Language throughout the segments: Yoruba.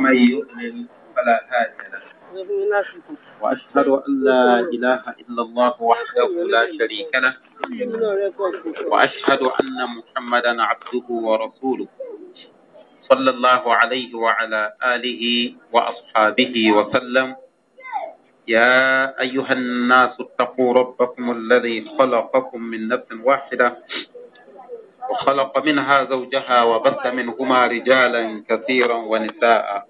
ومن يؤمن فلا هادي له وأشهد أن لا إله إلا الله وحده لا شريك له وأشهد أن محمدا عبده ورسوله صلى الله عليه وعلى آله وأصحابه وسلم يا أيها الناس اتقوا ربكم الذي خلقكم من نفس واحدة وخلق منها زوجها وبث منهما رجالا كثيرا ونساء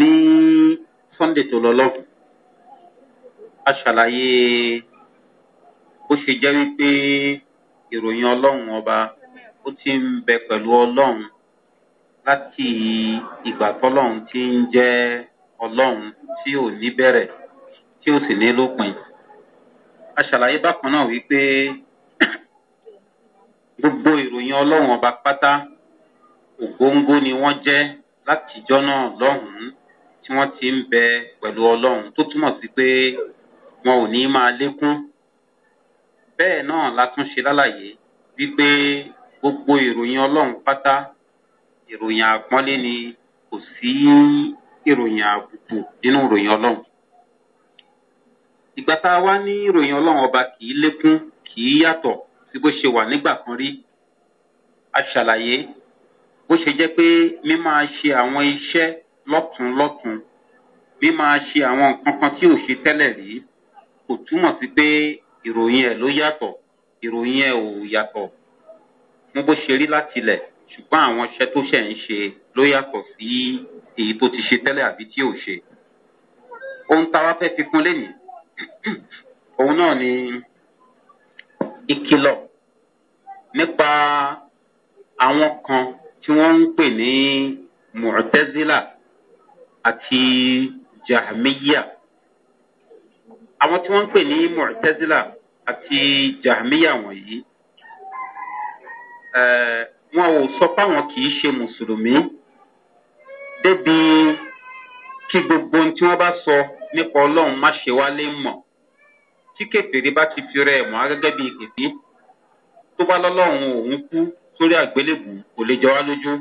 ní sunday tó lọ lọ́hùn a ṣàlàyé bó ṣe jẹ́ wípé ìròyìn ọlọ́run ọba ó ti ń bẹ pẹ̀lú ọlọ́run láti ìgbà tọ́lọ́run ti ń jẹ́ ọlọ́run tí ò ní bẹ̀rẹ̀ tí ò sì ní lópin a ṣàlàyé bákan náà wípé gbogbo ìròyìn ọlọ́run ọba pátá ògóńgó ni wọ́n jẹ́ látijọ́ náà lọ́hùn-ún tí wọ́n ti ń bẹ pẹ̀lú ọlọ́run tó túmọ̀ sí pé wọn ò ní máa lékún bẹ́ẹ̀ náà la tún ṣe lálàyé wípé gbogbo ìròyìn ọlọ́run pátá ìròyìn àpọ́nlé ni kò sí ìròyìn àbùkù nínú ìròyìn ọlọ́run ìgbà tá a wá ní ìròyìn ọlọ́run ọba kì í lékún kì í yàtọ̀ sí bó ṣe wà nígbà kan rí a ṣàlàyé bó ṣe jẹ́ pé mímáa ṣe àwọn iṣẹ́ lọ́kùn lọ́kùn bí máa ṣe àwọn nǹkan kan tí ò ṣe tẹ́lẹ̀ rí kò túmọ̀ sí pé ìròyìn ẹ̀ ló yàtọ̀ ìròyìn ẹ̀ ò yàtọ̀ mú bó ṣe rí látilẹ̀ ṣùgbọ́n àwọn iṣẹ́ tó ṣẹ̀ ń ṣe ló yàtọ̀ sí èyí tó ti ṣe tẹ́lẹ̀ àbí tí ò ṣe. ohun táwa fẹ́ fi kún lénìí òun náà ni ìkìlọ̀ nípa àwọn kan tí wọ́n ń pè ní mùtẹ́zílà àti jahmiya àwọn tí wọ́n ń pè ní mọ̀tẹ́sílà àti jahmiya wọ̀nyí wọn ò sọ páwọn kì í ṣe mùsùlùmí débi kí gbogbo ohun tí wọ́n bá sọ nípa ọlọ́run má ṣe wá lé mọ̀ tí kẹfìrí bá ti fi rẹ̀ mọ́ gẹ́gẹ́ bíi kẹfì tó bá lọ́lọ́run òun kú sórí àgbélébù kò lè jọ wá lójú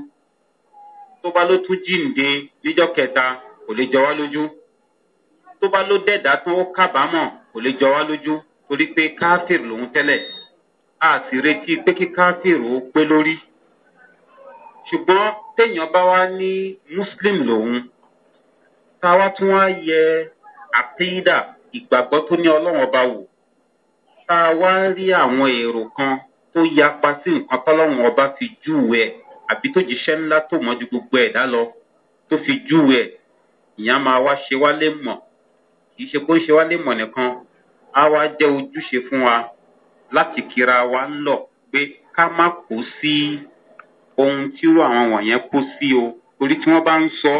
tó bá ló tún jíǹde níjọ́ kẹta kò lè jọ wá lójú tó bá ló dẹ̀dá tó kábàámọ̀ kò lè jọ wá lójú torí pé káfíìr lòún tẹ́lẹ̀ a sì retí pé kí káfíìr ó pé lórí ṣùgbọ́n téèyàn bá wá ní muslim lòun táwa tún wá yẹ àpéyídà ìgbàgbọ́ tó ní ọlọ́run ọba wò tá a wá rí àwọn èrò kan tó yapa sí nǹkan tọ́lọ́run ọba ti júwe àbí tó jíṣẹ́ ńlá tó mọ́ ju gbogbo ẹ̀dá lọ tó fi júwe ẹ̀ ìyẹn máa wá ṣe wá lé mọ̀ kì ṣe pé ń ṣe wá lé mọ̀ nìkan á wá jẹ́ ojúṣe fún wa láti kíra wa ń lọ pé ká má kó sí ohun tírú àwọn wọ̀nyẹn kó sí o torí tí wọ́n bá ń sọ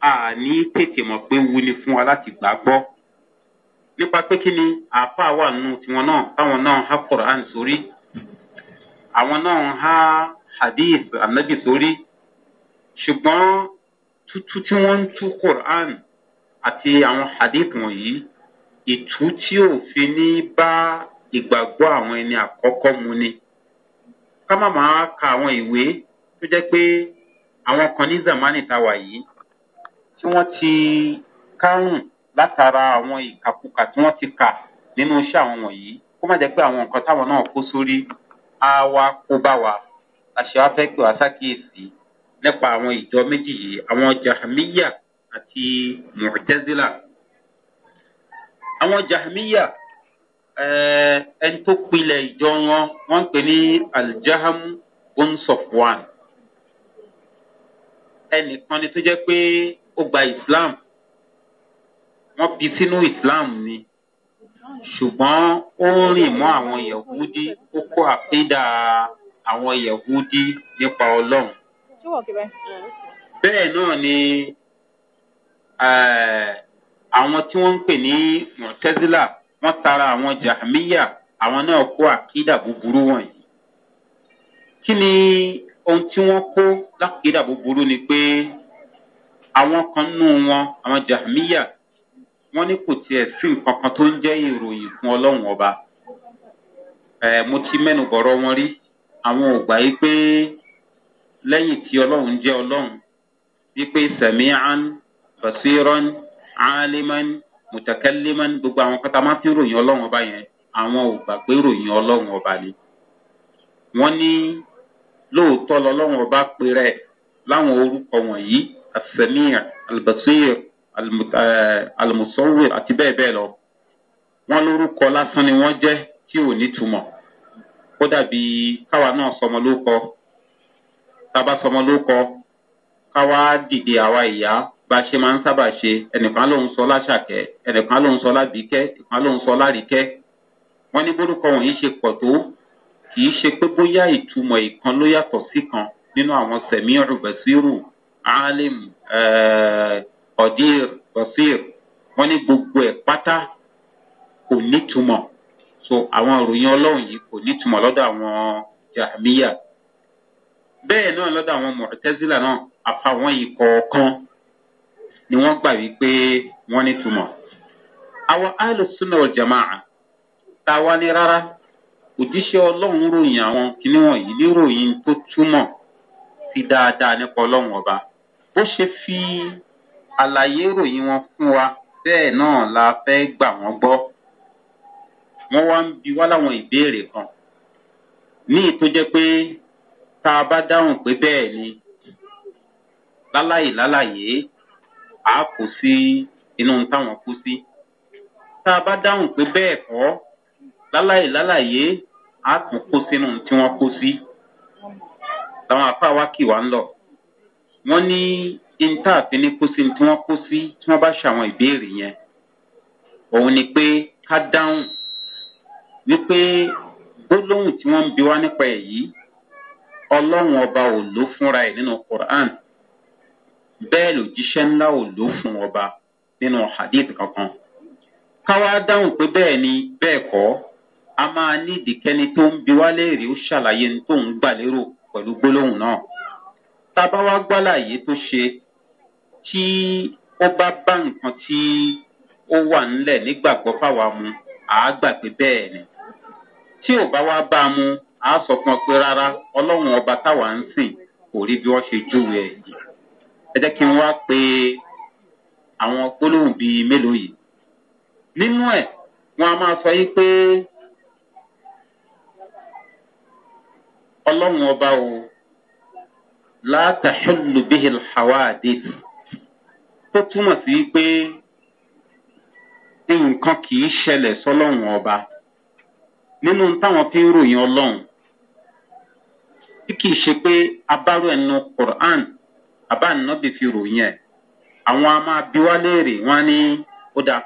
a ní tètè mọ̀ pé wu ni fún wa láti gbà gbọ́ nípa pé kí ni àáfàá wà nù tiwọn náà táwọn náà há kọ̀ọ̀rọ̀ à ń sórí àwọn náà há. Ha hadith anabi sórí ṣùgbọ́n tútú tí wọ́n ń tú quran àti àwọn hadith wọ̀nyí ìtú tí òfin ní bá ìgbàgbọ́ àwọn ẹni àkọ́kọ́ mu ni ká má máa ka àwọn ìwé tó jẹ́ pé àwọn kan ní zamani ta wà yìí tí wọ́n ti kárùn látara àwọn ìkàkùkà tí wọ́n ti kà nínú iṣẹ́ àwọn wọ̀nyí kó má jẹ́ pé àwọn nǹkan táwọn náà kó sórí á wá kó bá wa àṣẹ wa fẹ́ pè wá sákìyèsí nípa àwọn ìjọ méjì yìí àwọn jahamiya àti mọ̀tẹ́zílà. àwọn jahamiya eh, ẹni tó pilẹ̀ ìjọ wọn wọ́n ń pè ní aljaham bonsofwan ẹnìkan ni tó jẹ́ pé ó gba islam wọ́n bí sínú islam ni ṣùgbọ́n ó rìn mọ́ àwọn yahudi ó kó àpédà àwọn yẹ̀húdí nípa ọlọ́run. bẹ́ẹ̀ náà ni àwọn tí wọ́n ń pè ní mọ̀tẹ́sílà wọ́n tara àwọn jahamiya àwọn náà kó àkídà búburú wọ̀nyí. kí ni ohun tí wọ́n kó lákìdà búburú ni pé àwọn kan nù wọn àwọn jahamiya wọ́n ní kò tiẹ̀ sí nǹkan kan tó ń jẹ́ ìròyìn fún ọlọ́run ọba. mo ti mẹ́nu bọ̀rọ̀ wọn rí àwọn ò gbà yí pé lẹ́yìn tí ọlọ́run jẹ́ ọlọ́run wípé sẹ̀míhàn fàṣírọ́n áálímán mùtàkẹ́límán gbogbo àwọn kọ́tà máa fi ròyìn ọlọ́run ọba yẹn àwọn ò gbà pé ròyìn ọlọ́run ọba ni. wọ́n ní lóòótọ́ lọ́lọ́run ọba péré láwọn orúkọ wọ̀nyí àtìsẹ́míhàn albasir almusawir àti bẹ́ẹ̀ bẹ́ẹ̀ lọ. wọ́n lórúkọ lásán ni wọ́n jẹ́ tí ò ní túmọ̀ ó dàbí káwa náà sọmọ ló kọ tába sọmọ ló kọ káwa dìde àwa ìyá bá a ṣe máa ń sábà ṣe ẹnìkan ló ń sọ láṣàkẹ́ ẹnìkan ló ń sọ lábìíkẹ́ ẹnìkan ló ń sọ láríkẹ́ wọ́n ní bórúkọ wọ̀nyí ṣe pọ̀ tó kì í ṣe pé bóyá ìtumọ̀ ìkan ló yàtọ̀ sí kan nínú àwọn sẹ̀mí rúbẹ̀sírù alim ọ̀dír eh, bọ̀sír wọ́n ní gbogbo ẹ̀ pátá kò nítumọ̀ so àwọn òròyìn ọlọ́run yìí kò nítumọ̀ lọ́dọ̀ àwọn jahamiya bẹ́ẹ̀ náà lọ́dọ̀ àwọn mọ̀tẹ́sílà náà àfàwọn yìí kọ̀ọ̀kan ni wọ́n gbà wípé wọ́n nítumọ̀ àwọn alùsùnà ọ̀jàmáà tá a wá ní rárá òjíṣẹ́ ọlọ́run ròyìn àwọn kinní wọ̀nyí níròyìn tó túmọ̀ sí dáadáa nípa ọlọ́run ọba bó ṣe fi àlàyé ròyìn wọn fún wa bẹ́ẹ̀ náà la fẹ́ gbà wọ́n gbọ́ wọ́n wá ń bi wá láwọn ìbéèrè kan ní ìtọ́jẹ́ pé tá a bá dáhùn pé bẹ́ẹ̀ ni láláyè láláyè á kó sí inú táwọn kú sí tá a bá dáhùn pé bẹ́ẹ̀ kọ́ láláyè láláyè á tún kó sínú tí wọ́n kó sí làwọn àfa wa kì wá ń lọ wọ́n ní níta àfi kó sí tí wọ́n kó sí tí wọ́n bá ṣàwọn ìbéèrè yẹn òun ni pé ká dáhùn wípé gbólóhùn tí wọ́n ń bi wá nípa ẹ̀ yìí ọba ò ló fúnra ẹ̀ nínú quran bẹ́ẹ̀ lòjíṣẹ́ ńlá ò ló fún ọba nínú hadith kankan káwá dáhùn pé bẹ́ẹ̀ ni bẹ́ẹ̀ kọ́ a máa ní ìdíkẹ́ni tó ń bi wá léèrè ó ṣàlàyé ní tóun gbà lérò pẹ̀lú gbólóhùn náà tábà gbálàyé tó ṣe tí ó bá bá nǹkan tí ó wà ńlẹ̀ nígbàgbọ́ fáwa mu àá gbà pé bẹ́ẹ̀ ni. tí ò bá wá bá a mu á sọ fún ọ pé rárá ọlọ́run ọba táwa ń sìn kò rí bí wọ́n ṣe júwe ẹ̀ yìí. ẹ jẹ́ kí n wá pe àwọn gbólóhùn bíi mélòó yìí. nínú ẹ̀ wọ́n a máa sọ yí pé ọlọ́run ọba o látàṣọ́lù bíi hàwáàdì tó túmọ̀ sí pé nǹkan kì í ṣẹlẹ̀ sọ́lọ́run ọba. So nínú táwọn fi ń ròyìn ọlọ́run tí kìí ṣe pé abárò ẹnu quran àbá ànábì fi ròyìn ẹ̀ àwọn a máa bí wá léèrè wọn ní ó dáa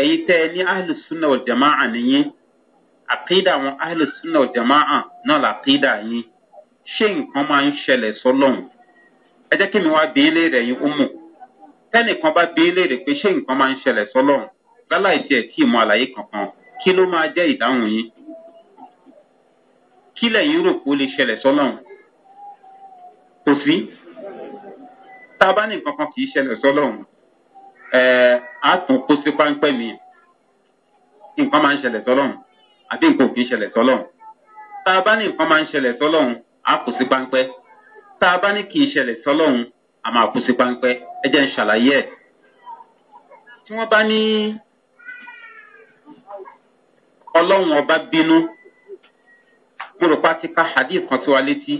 ẹ̀yin tẹ́ ẹ ní ahlùsúnà ọ̀jàmáà nìyín àkéèdà àwọn ahlùsúnà ọ̀jàmáà náà làkéèdà yín ṣé nǹkan máa ń ṣẹlẹ̀ sọlọ́run ẹ jẹ́ kí mi wá bí léèrè yín ó mọ̀ bá bí léèrè pé ṣé nǹkan máa ń ṣẹlẹ̀ sọlọ́run láláì tiẹ̀ tí ì mọ àlàyé kankan kí ló máa jẹ́ ìdáhùn yín kí lẹ́yìn rò kó lè ṣẹlẹ̀ sọ́lọ́run kò sí tá a bá ní nǹkan kan kì í ṣẹlẹ̀ sọ́lọ́run á tún kó sí páńpẹ́ mi nǹkan máa ń ṣẹlẹ̀ sọ́lọ́run àbí nǹkan kì í ṣẹlẹ̀ sọ́lọ́run tá a bá ní nǹkan máa ń ṣẹlẹ̀ sọ́lọ́run á kó sí páńpẹ́ tá a bá ní kì í ṣẹlẹ̀ sọ́lọ́run a máa kó sí páńpẹ́ ẹ jẹ́ ń ṣàlàyé ẹ̀ tí wọ́n bá ní ọlọ́run ọba bínú mo rò pa ti hadith kan sí wa létí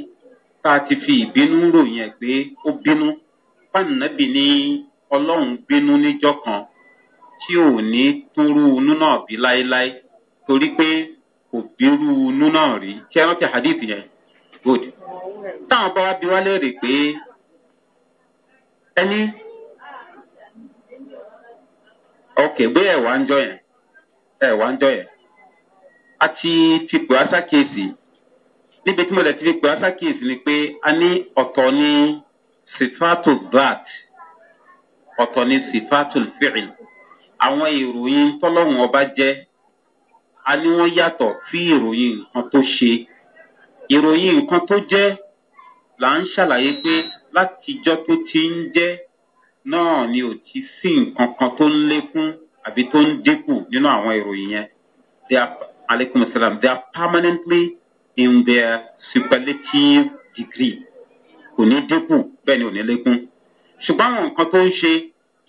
tá a ti fi ìbínú ròyìn ẹ̀ pé ó bínú fànàbì ni ọlọ́run bínú níjọ́ kan tí ò ní túrú inú náà bí láéláé torí pé kò bírú inú náà rí tí ẹ rántí hadith yẹn good táwọn bá wa bí wá léèrè pé ẹni ok gbé ẹ̀wà ń jọ yẹn ẹ̀wà ń jọ yẹn a ti ti pè á sákèsì níbi tí mo lè ti fi pè á sákèsì ni pé a ní ọ̀tọ̀ ní sifato zat ọ̀tọ̀ ní sifato fìrì àwọn ìròyìn tọ́lọ́hún ọba jẹ́ a ní wọ́n yàtọ̀ sí ìròyìn nǹkan tó ṣe ìròyìn nǹkan tó jẹ́ là ń ṣàlàyé pé látijọ́ tó ti ń jẹ́ náà ni ò ti sí nǹkan tó ń lékún àbí tó ń dínkù nínú àwọn ìròyìn yẹn alaykum salam, they are permanently in their superlative degree. Kò ní dínkù bẹ́ẹ̀ ni ò ní lékún. Ṣùgbọ́n àwọn nǹkan tó ń ṣe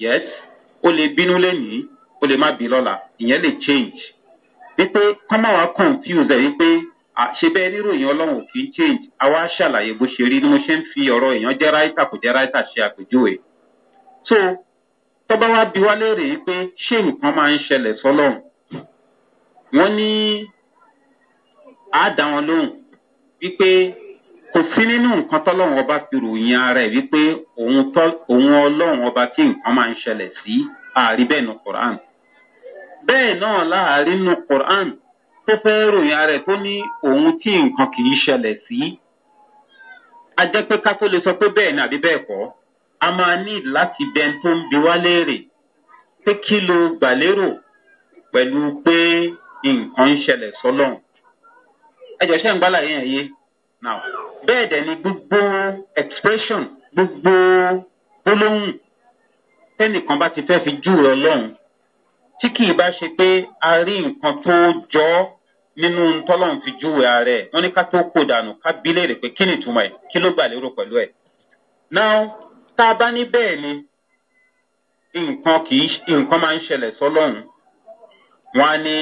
yes ó lè bínú lẹ́nìí ó lè má bí lọ́la ìyẹn lè change. Wípé kọ́mọ̀wá confuse ẹ̀ wípé ṣe bẹ́ẹ̀ níròyìn ọlọ́run kì í change àwa ṣàlàyé bó ṣe rí ni mo ṣe ń fi ọ̀rọ̀ èèyàn jẹ́ ráìtà kò jẹ́ ráìtà ṣe àpèjúwe. So tọ́ba wa bí wá léèrè wípé ṣé nǹkan máa ń ṣẹlẹ̀ sọ́lọ́run wọ́n ní á dá wọn lóhùn wípé kò sí nínú nǹkan tọ́lọ́run ọba fi ròyìn ara ẹ̀ wípé òun ọlọ́run ọba tí nǹkan máa ń ṣẹlẹ̀ sí ààrí bẹ́ẹ̀ nu quran bẹ́ẹ̀ náà láàrin nu quran tó fẹ́ ròyìn ara ẹ̀ tó ní òun tí nǹkan kì í ṣẹlẹ̀ sí a jẹ́ pé ká tó lè sọ pé bẹ́ẹ̀ ni àbí bẹ́ẹ̀ kọ́ a máa ní láti bẹn tó ń bi wá léèrè pé kí lo gbà lérò pẹ̀lú pé nǹkan ń ṣẹlẹ̀ sọ́lọ́run. ẹjọ ṣe ń gbá láyé yẹn yé now bẹ́ẹ̀ dẹ̀ ni gbogbo expression gbogbo gbólóhùn tẹ́nìkan bá ti fẹ́ fi jù rẹ lọ́hùn tí kì í bá ṣe pé a rí nǹkan tó jọ ọ́ nínú tọ́lọ́hún fi júwe ara ẹ̀ wọ́n ní ká tó kó dànù ká bí léèrè pé kí ni ìtumọ̀ ẹ̀ kí ló gbà lérò pẹ̀lú ẹ̀. now tá a bá ní bẹ́ẹ̀ ni nǹkan kì í nǹkan máa ń ṣẹlẹ̀ sọ́lọ́hún wọ́n á ní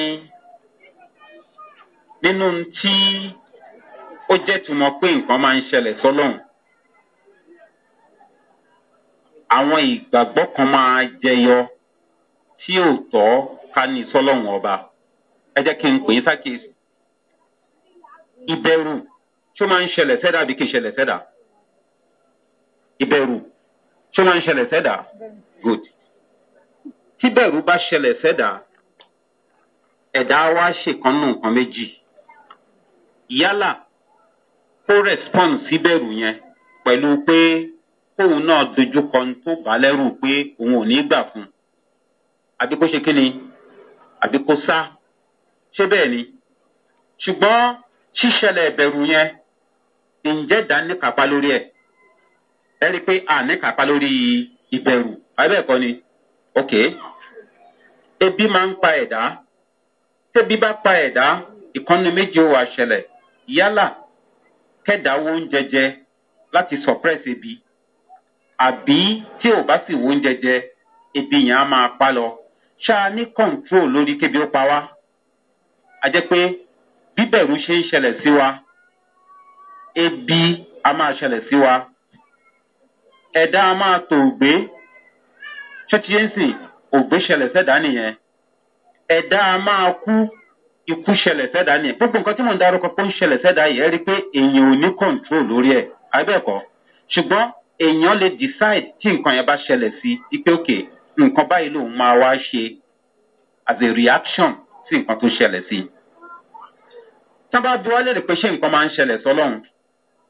nínú tí ó jẹ́ tùmọ̀ pé nǹkan máa ń ṣẹlẹ̀ sọ́lọ́hún àwọn ìgbàgbọ́ kan máa jẹyọ tí ò tọ́ ká ní sọ́lọ́hún ọba ẹ jẹ́ kí n pè é sákèésì ìbẹ̀rù tí ó máa ń ṣẹlẹ̀ sẹ́dá àbí kì í ṣẹlẹ̀ sẹ́dá ìbẹ̀rù tí ó máa ń ṣẹlẹ̀ sẹ́dá good tí bẹ̀rù bá ṣẹlẹ̀ sẹ́dá ẹ̀dá wa ṣèkan nù nǹkan méjì yálà kó respond síbẹ̀rù yẹn pẹ̀lú pé kóun náà dojú kọ tó bá lẹ́rù pé òun ò ní gbà fún un àbí kó ṣe kí ni àbí kó sá ṣé bẹ́ẹ̀ ni ṣùgbọ́n ṣíṣẹlẹ̀ ìbẹ̀rù yẹn ǹjẹ́ dá níkàpá lórí ẹ̀ ẹ rí i pé a níkàpá lórí ìbẹ̀rù abẹ́ẹ̀kọ́ ni ok ebi máa ń pa ẹ̀dá tẹ́bi bá pa ẹ̀dá ìkànnì méje wà ṣẹlẹ̀ yálà kẹ́dáwó oúnjẹ jẹ láti suppress ebi àbí tí ò bá sì wo oúnjẹ jẹ ebi yẹn á máa pa lọ ṣáá ní control lórí kébi ó pa wá a jẹ́ pé bíbẹ̀rù ṣe ń ṣẹlẹ̀ sí wa ebi a máa ṣẹlẹ̀ sí wa ẹ̀dá a máa tò ògbé ṣọ́tíyẹ́nsì ògbé ṣẹlẹ̀ sẹ́dá nìyẹn ẹ̀dá a máa kú. ikú ṣẹlẹ̀ sẹ́dá ni gbogbo nǹkan tí mò ń darúkọ pé ó ń ṣẹlẹ̀ sẹ́dá yìí ẹ rí i pé èèyàn ò ní control lórí ẹ̀ abẹ́ẹ̀kọ́ ṣùgbọ́n èèyàn lè decide tí nǹkan yẹn bá ṣẹlẹ̀ sí i pé òkè nǹkan báyìí lòun máa wá ṣe as a reaction sí nǹkan tó ṣẹlẹ̀ sí i. tá a bá bí wọ́n lè rí pé ṣé nǹkan máa ń ṣẹlẹ̀ sọ́lọ́run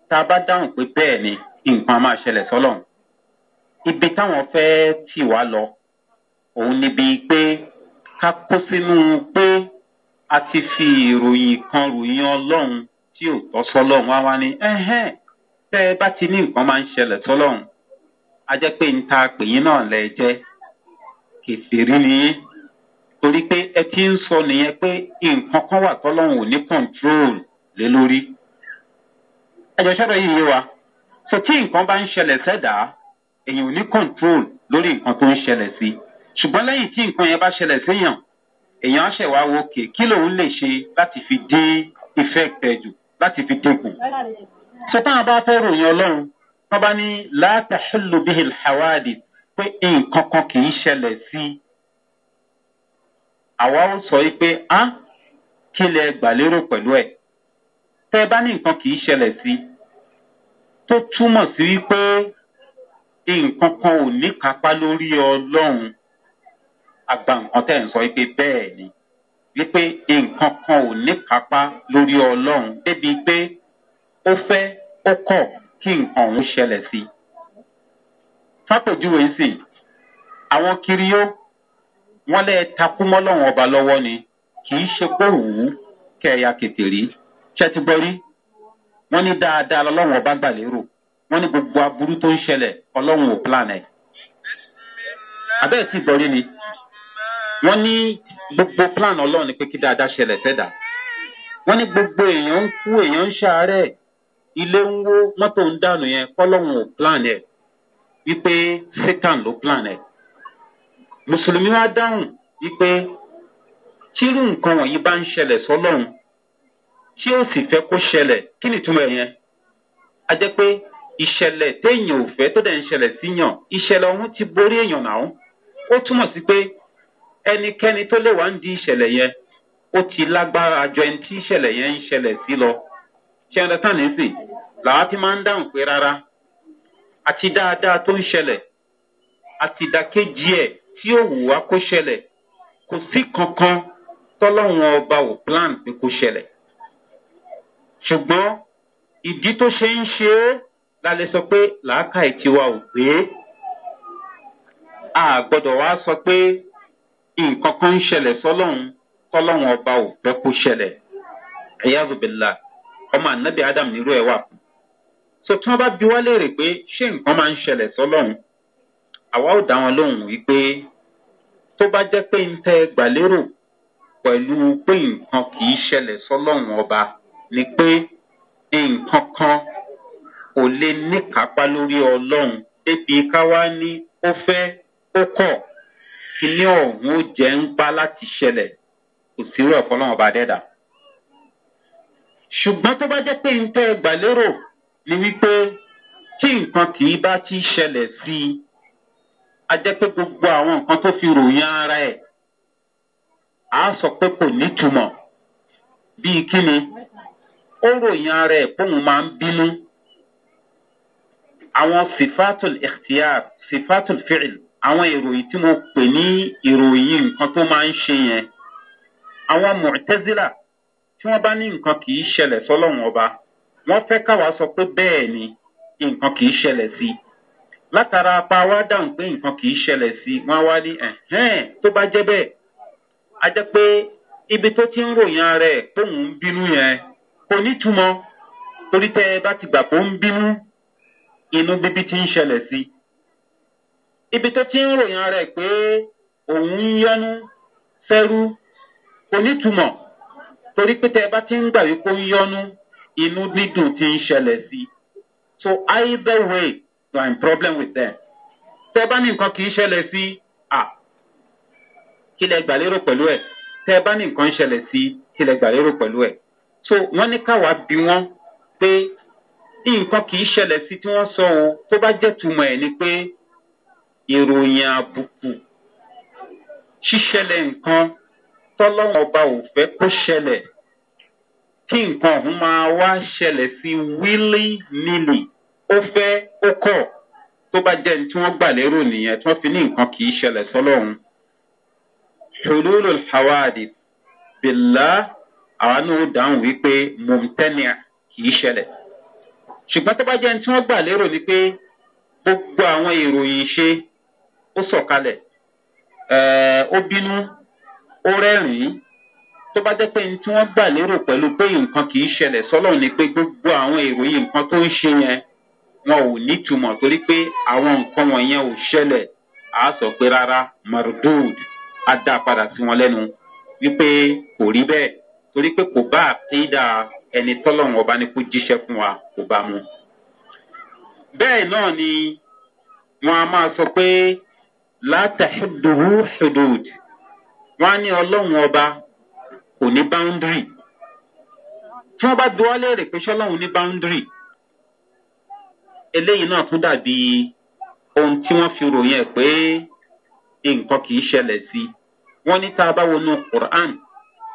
tá a bá dáhùn pé bẹ́ẹ̀ ni nǹkan máa ṣẹlẹ̀ sọ́lọ́run ibi táwọn fẹ́ẹ́ tì wá a ti fi ìròyìn kan ròyìn ọlọ́run tí ò tọ́ sọ́lọ́run wá wá ní ẹ̀hẹ́n tẹ́ ẹ bá ti ní nǹkan máa ń ṣẹlẹ̀ sọ́lọ́run a jẹ́ pé níta pèyín náà lẹ jẹ́ kẹfìrí nìyẹn torí pé ẹ ti ń sọ nìyẹn pé nǹkan kan wà tọ́lọ́run ò ní kọ̀ǹtrol lé lórí. ẹ̀jẹ̀ sọ́dọ̀ yìí yé wa sọ tí nǹkan bá ń ṣẹlẹ̀ sẹ́dàá èèyàn ò ní kọ̀ǹtrol lórí nǹkan tó ń ṣẹlẹ̀ sí ṣùgbọ́n lẹ́yìn tí nǹkan yẹn bá ṣẹlẹ̀ séèyàn èèyàn ṣẹ̀ wá wo kè kí lòun lè ṣe láti fi dín effect ẹ̀ jù láti fi dínkù. sọ táwọn bá fẹ́ ròyìn ọlọ́run wọ́n bá ní láàtà ṣùlù bíi ìlhàwádìí pé nǹkan kan kì í ṣẹlẹ̀ sí i. àwa ó sọ yìí pé á kí lẹ gbà pẹ̀lú ẹ̀. tẹ́ ẹ bá ní nǹkan kì í ṣẹlẹ̀ sí i tó túmọ̀ sí wípé nǹkan kan ò ní kápá lórí ọlọ́run àgbà nǹkan tẹ̀ ń sọ pé bẹ́ẹ̀ ni wípé nǹkan kan ò ní kápá lórí ọlọ́run débi pé ó fẹ́ ó kọ̀ kí nǹkan òun ṣẹlẹ̀ sí i. fápèjúwe sì àwọn kiri yó wọn lẹ takú mọ́lọ́run ọba lọ́wọ́ ni kì í ṣe pé òwú kẹ̀yà kètè rí ṣẹ́tìgbọ́rí wọn ní dáadáa lọ́lọ́run ọba gbà wọn ní gbogbo aburú tó ń ṣẹlẹ̀ ọlọ́run ò plan ẹ̀. abẹ́ẹ̀ sì gbọ́rí ni wọ́n ní gbogbo plan ọlọ́run ni pé kí dáadáa ṣẹlẹ̀ sẹ́dà wọ́n ní gbogbo èèyàn ń kú èèyàn ń ṣàárẹ̀ ilé ń wó mọ́tò ń dànù yẹn kọ́lọ́hún ò plan ẹ̀ wípé satan ló plan ẹ̀ mùsùlùmí wa dáhùn wípé tírú nǹkan wọ̀nyí bá ń ṣẹlẹ̀ sọlọ́run tí ó sì fẹ́ kó ṣẹlẹ̀ kí ni túmọ̀ yẹn a jẹ́ pé ìṣẹ̀lẹ̀ téèyàn ò fẹ́ tó dẹ̀ ń ṣẹlẹ̀ síyàn ìṣẹ̀lẹ̀ ọ̀hún ti borí èèyàn náà ó túmọ̀ sí pé ẹnikẹ́ni tó lè wá ń di ìṣẹ̀lẹ̀ yẹn ó ti lágbára jọ ẹni ìṣẹ̀lẹ̀ yẹn ṣẹlẹ̀ sí lọ ṣé ẹ tán ní sìn làá ti máa ń dáhùn pé rárá àti dáadáa tó ń ṣẹlẹ̀ àti ìdàkejì ẹ̀ tí ó wù plan pé kó ṣẹlẹ̀ ṣùgbọ́n ìdí tó ṣe la sọ pé làákàyè tiwa ò pé a gbọ́dọ̀ wá sọ pé. nǹkan kan ń ṣẹlẹ̀ sọ́lọ́hún sọ́lọ́hún ọba ò fẹ́ kó ṣẹlẹ̀ ẹ̀yáàzùbẹ̀là ọmọ ànábì adam nírú ẹ̀ wà fún. so tí wọ́n bá bi wá léèrè pé ṣé nǹkan máa ń ṣẹlẹ̀ sọ́lọ́hún àwa ò dá wọn lóhùn wípé tó bá jẹ́ pé ń tẹ́ gbàlérò pẹ̀lú pé nǹkan kì í ṣẹlẹ̀ sọ́lọ́hún ọba ni pé nǹkan kan kò lè níkàápá lórí ọlọ́run débi ká wá ní ó fẹ́ ó kọ̀ kíní ọ̀hún jẹ́ ń pa láti ṣẹlẹ̀ kò sí rẹ̀ fọlọ́run ọba dẹ́dà. ṣùgbọ́n tó bá jẹ́ pé ń tẹ́ gbàlérò ni wípé tí nǹkan kì í bá ti ṣẹlẹ̀ sí i a jẹ́ pé gbogbo àwọn nǹkan tó fi ròyìn ara ẹ̀ á sọ pé kò nítumọ̀ bíi kíni ó ròyìn ara ẹ̀ póun máa ń bínú àwọn sifatul ikhtiyar sifatul fi'il àwọn ìròyìn tí mo pè ní ìròyìn nǹkan tó máa ń ṣe yẹn àwọn mọ̀tẹ́zílà tí wọ́n bá ní nǹkan kì í ṣẹlẹ̀ sọ́lọ́run ọba wọ́n fẹ́ káwa sọ pé bẹ́ẹ̀ ni nǹkan kì í ṣẹlẹ̀ sí i látara apá wa dáhùn pé nǹkan kì í ṣẹlẹ̀ sí i wọ́n á wá ní ẹ̀hẹ́n tó bá jẹ́ bẹ́ẹ̀ a jẹ́ pé ibi tó ti ń ròyìn ara ẹ̀ tóun ń bínú yẹn kò nítumọ̀ torí tẹ́ ẹ bá ti gbà pé ó ń bínú inú bíbí ti ń ṣẹlẹ̀ sí i ibi tó ti ń ròyìn rẹ̀ pé òun ń yọnu fẹ́rú kò nítumọ̀ torí pé tẹ́ ẹ bá ti ń gbà wípé ó ń yọnu inú dídùn ti ń ṣẹlẹ̀ sí i so either way you are in problem with them tẹ́ ẹ bá ní nǹkan kì í ṣẹlẹ̀ sí à kí lẹ gbà lérò pẹ̀lú ẹ̀ tẹ́ ẹ bá ní nǹkan ṣẹlẹ̀ sí kí lẹ gbà lérò pẹ̀lú ẹ̀ so wọ́n ní káwa bí wọ́n pé nǹkan kì í ṣẹlẹ̀ sí tí wọ́n sọ ohun tó bá jẹ́ tùmọ̀ ẹ̀ ni pé ìròyìn àbùkù ṣíṣẹlẹ̀ nǹkan tọ́lọ́wọ́n ọba ò fẹ́ kó ṣẹlẹ̀ kí nǹkan ọ̀hún máa wá ṣẹlẹ̀ sí wílí nílì ó fẹ́ ó kọ̀ tó bá jẹ́ ní tí wọ́n gbà lérò nìyẹn tí wọ́n fi ní nǹkan kì í ṣẹlẹ̀ sọ́lọ́hún. ṣòlúlù hawadi bìlá àánú dáhùn wípé mọ̀mtẹ́nìà kì í ṣẹlẹ̀ ṣùgbọ́n tó bá jẹ́ ní tí wọ́n gbà lérò ni pé gbogbo àwọn ìròyìn ṣe ó sọ̀kalẹ̀ ó bínú ó rẹ́rìn-ín tó bá jẹ́ pé ní tí wọ́n gbà lérò pẹ̀lú pé nǹkan kì í ṣẹlẹ̀ sọ́lọ̀ ni pé gbogbo àwọn ìròyìn nǹkan tó ń ṣe yẹn wọn ò nítumọ̀ torí pé àwọn nǹkan wọ̀nyẹn ò ṣẹlẹ̀ à á sọ pé rárá marudud á dá padà sí wọn lẹ́nu wípé kò rí bẹ́ẹ̀ torí pé kò bá àkéèdà ẹni tọ́lọ́run ọba ní kó jíṣẹ́ fún wa kò bá mu. bẹ́ẹ̀ náà ni wọ́n á máa sọ pé látàḥídùú hudud wọn á ní ọlọ́run ọba kò ní báńdírì tí wọn bá du ọ léèrè pé ṣọlọ́run ní báńdírì eléyìí náà tún dàbí ohun tí wọn fi ròyìn ẹ pé nǹkan kì í ṣẹlẹ̀ sí i wọn ní tá a bá wọnú quran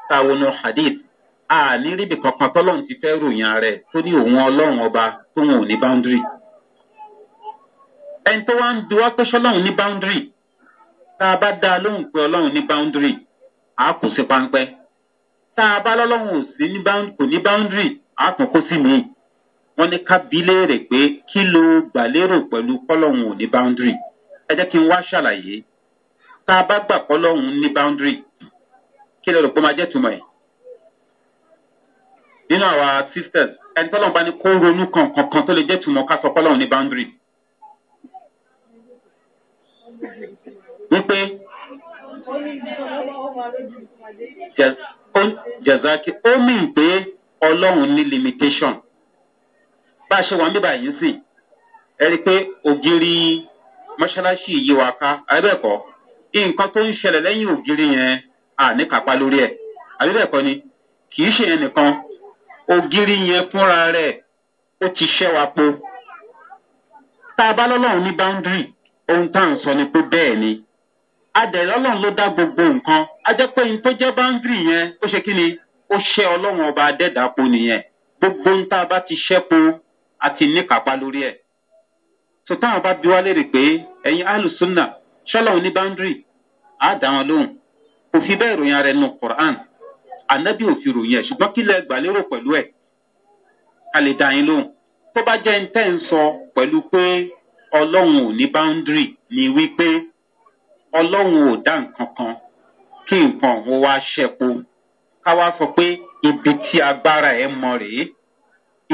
tá a wọnú hadith a ní ríbi kankan tọ́lọ́run ti fẹ́ ròyìn ààrẹ tó ní òun ọlọ́run ọba tó wọn ò ní báńdírì ẹni tó wá ń du ọ pé ṣọlọ́run ní báńdírì tá a bá dá a lóhùn pé ọlọ́run ní boundary á kò sí páńpẹ́ tá a bá lọ́lọ́run ò sí kò ní boundary á kàn kó sí mi wọ́n ní ká léèrè pé kí ló gbà lérò pẹ̀lú kọ́lọ́hún ò ní boundary ẹ jẹ́ kí n wá ṣàlàyé tá a bá gbà kọ́lọ́hún ní boundary kí lè pé ó máa jẹ́ tùmọ̀ ẹ̀ nínú àwa sisters ẹni tọ́lọ́run bá ní kó ronú kan kankan tó lè jẹ́ tùmọ̀ ká sọ kọ́lọ́hún ní boundary wípé jazaki ó mì pé ọlọ́run ní limitation bá a ṣe wà ń bíbà yìí sìn ẹ rí i pé ògiri mọ́ṣáláṣí yìí wà ká àbẹ́ẹ̀kọ́ nǹkan tó ń ṣẹlẹ̀ lẹ́yìn ògiri yẹn à ní kápá lórí ẹ̀ àbẹ́ẹ̀kọ́ ni kì í ṣe yẹn nìkan ògiri yẹn fúnra rẹ̀ ó ti ṣẹ́ wa po tá a bá lọ́lọ́run ní boundary ohun tá à ń sọ ni pé bẹ́ẹ̀ ni adẹ̀rẹ̀ ọlọ́run ló dá gbogbo nǹkan a jẹ́ pé ohun tó jẹ́ boundary yẹn ó ṣe kí ni ó ṣẹ́ ọlọ́run ọba adẹ́dàpọ̀ nìyẹn gbogbo ń tá a bá ti ṣẹ́po àti níkàpá lórí ẹ̀. tó táwọn bá bí wá léèrè pé ẹ̀yin alùsùnà ṣọ́lọ́run ní boundary á dá wọn lóhùn kò fi bẹ́ẹ̀ ròyìn ara ẹnu quran ànábì ò fi ròyìn ẹ̀ ṣùgbọ́n kí lẹ gbà lérò pẹ̀lú ẹ̀ a lè dá yín lóhùn tó bá jẹ́ ń tẹ́ ń sọ pẹ̀lú pé ọlọ́run ò ní boundary ni wípé ọlọ́run ò dá nǹkan kan kí nǹkan òun wá ṣẹ́po ká wá sọ pé ibi tí agbára ẹ̀ mọ rèé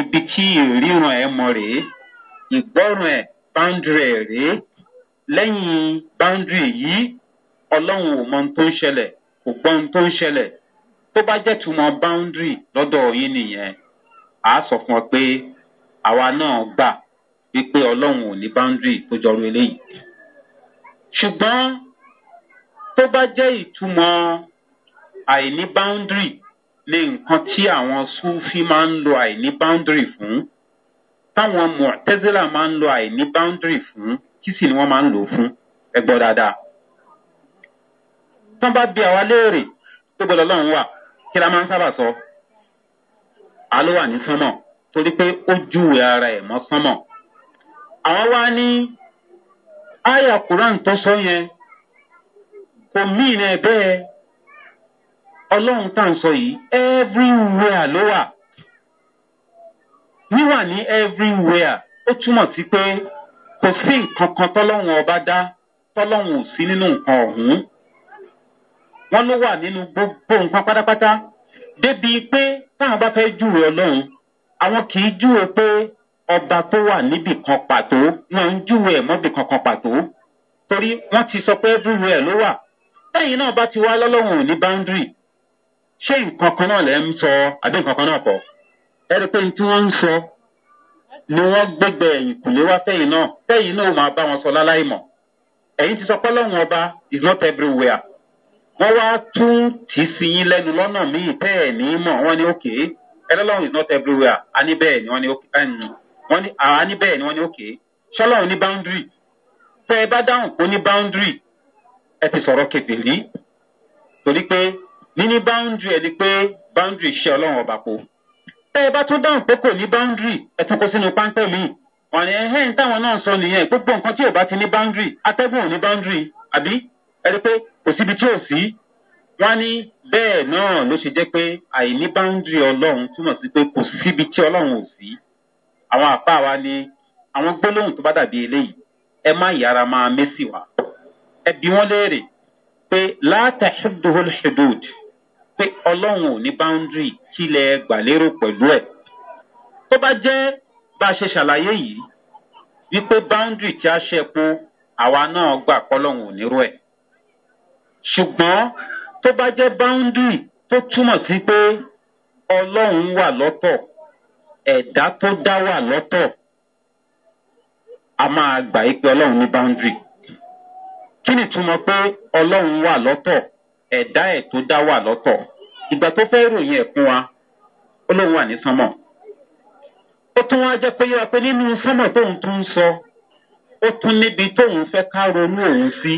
ibi tí ìríran ẹ̀ mọ rèé ìgbọ́ràn ẹ̀ báńdìrì ẹ̀ rèé lẹ́yìn báńdìrì yìí ọlọ́run ò mọ ohun tó ń ṣẹlẹ̀ kò gbọ́ ohun tó ń ṣẹlẹ̀ tó bá jẹ́ túmọ̀ báńdìrì lọ́dọ̀ yín nìyẹn à á sọ fún ọ pé àwa náà gbà wípé ọlọ́run ò ní báńdìrì tó jọrọ eléyìí ṣùgbọ́n tó bá jẹ́ ìtumọ̀ àìní boundary ni nǹkan tí àwọn sufi máa ń lo àìní boundary fún táwọn mọ̀tẹ́sílà máa ń lo àìní boundary fún kí sì ni wọ́n máa ń lò fún ẹ gbọ́ dáadáa. tán bá bí àwa léèrè tó gbọdọ̀ lọ́run wà kí la máa ń sábà sọ àló wà ní sánmọ̀ torí pé ó júwe ara ẹ̀ mọ́ sánmọ̀. àwọn wá ní àyà quran tó sọ yẹn kò míìnà ẹ bẹ́ẹ̀ ọlọ́run tá à ń sọ yìí everywhere ló wà wíwà ní everywhere ó túmọ̀ sí pé kò sí nǹkan kan tọ́lọ́run ọba dá tọ́lọ́run ò sí nínú nǹkan ọ̀hún wọ́n ló wà nínú gbogbo nǹkan pátápátá débi pé táwọn bá fẹ́ júwe ọlọ́run àwọn kì í júwe pé ọba tó wà níbì kan pàtó wọn ń júwe ẹ̀ mọ́bì kankan pàtó torí wọ́n ti sọ pé everywhere ló wà tẹ́yìn náà bá ti wá lọ́lọ́run ní boundary ṣé nǹkan kan náà lẹ́ ń sọ àbí nǹkan kan náà kọ́ ẹ rí i pé tí wọ́n ń sọ ni wọ́n gbẹgbẹ ẹ̀yìn kùlé wá tẹ́yìn náà tẹ́yìn náà máa bá wọn sọ láláì mọ̀ ẹ̀yìn ti sọ pé lọ́wọ́n ọba is not everywhere wọ́n wá tún tì í sí yín lẹ́nu lọ́nà míì tẹ́ ẹ̀ ní mọ̀ wọ́n ní òkè ẹlọ́lọ́run is not everywhere a ní bẹ́ẹ̀ ni wọ́n ní òkè a ní bẹ́ẹ̀ ni wọ́n ní òkè ṣọlọ́run ní boundary tẹ́ ẹ bá dáhùn kó ní boundary ẹ ti sọ̀rọ̀ kẹfìrí torí pé níní báńdìrì ẹ ni pé báńdìrì ṣe ọlọ́run ọba po tẹ́ ẹ bá tún dáhùn pé kò ní báńdìrì ẹ tún kó sínú páńpẹ́ míì ọ̀nà ẹ̀hẹ́n táwọn náà sọ nìyẹn gbogbo nǹkan tí ò bá ti ní báńdìrì atẹ́gùn ò ní báńdìrì àbí ẹ rí pé kò síbi tí ò sí wọn ní bẹ́ẹ̀ náà ló ṣe jẹ́ pé àìní báńdìrì ọlọ́run túmọ̀ sí pé kò síbi tí ọlọ́run ò sí àwọn àpá wa ni àwọn gbólóhùn tó bá dàbí eléyìí ẹ má yára máa mẹ́sì wá ẹbí wọn léèrè pé láàtà ṣùdùhùn ṣùdùd pé ọlọ́run ò ní báńdírì kílẹ̀ gbàlérò pẹ̀lú ẹ̀. tó bá jẹ́ bá a ṣe ṣàlàyé yìí wípé báńdírì tí a ṣe po àwa náà gbà kọ́lọ́run ò nírú ẹ̀. ṣùgbọ́n tó bá jẹ́ báńdírì tó túmọ̀ sí pé ọlọ́run wà lọ́tọ̀ ẹ̀dá tó dá wà lọ́tọ̀ a máa gbà yí pé ọlọ́run ní báńdírì kí ni ìtumọ̀ pé ọlọ́run wà lọ́tọ̀ ẹ̀dá ẹ̀ tó dá wà lọ́tọ̀ ìgbà tó fẹ́ ròyìn ẹ̀ fún wa ọlọ́run wà ní sánmọ̀ ó tún wá jẹ́ pé yíra pé nínú sánmọ̀ tóun tún ń sọ ó tún níbi tóun fẹ́ ká ronú òun sí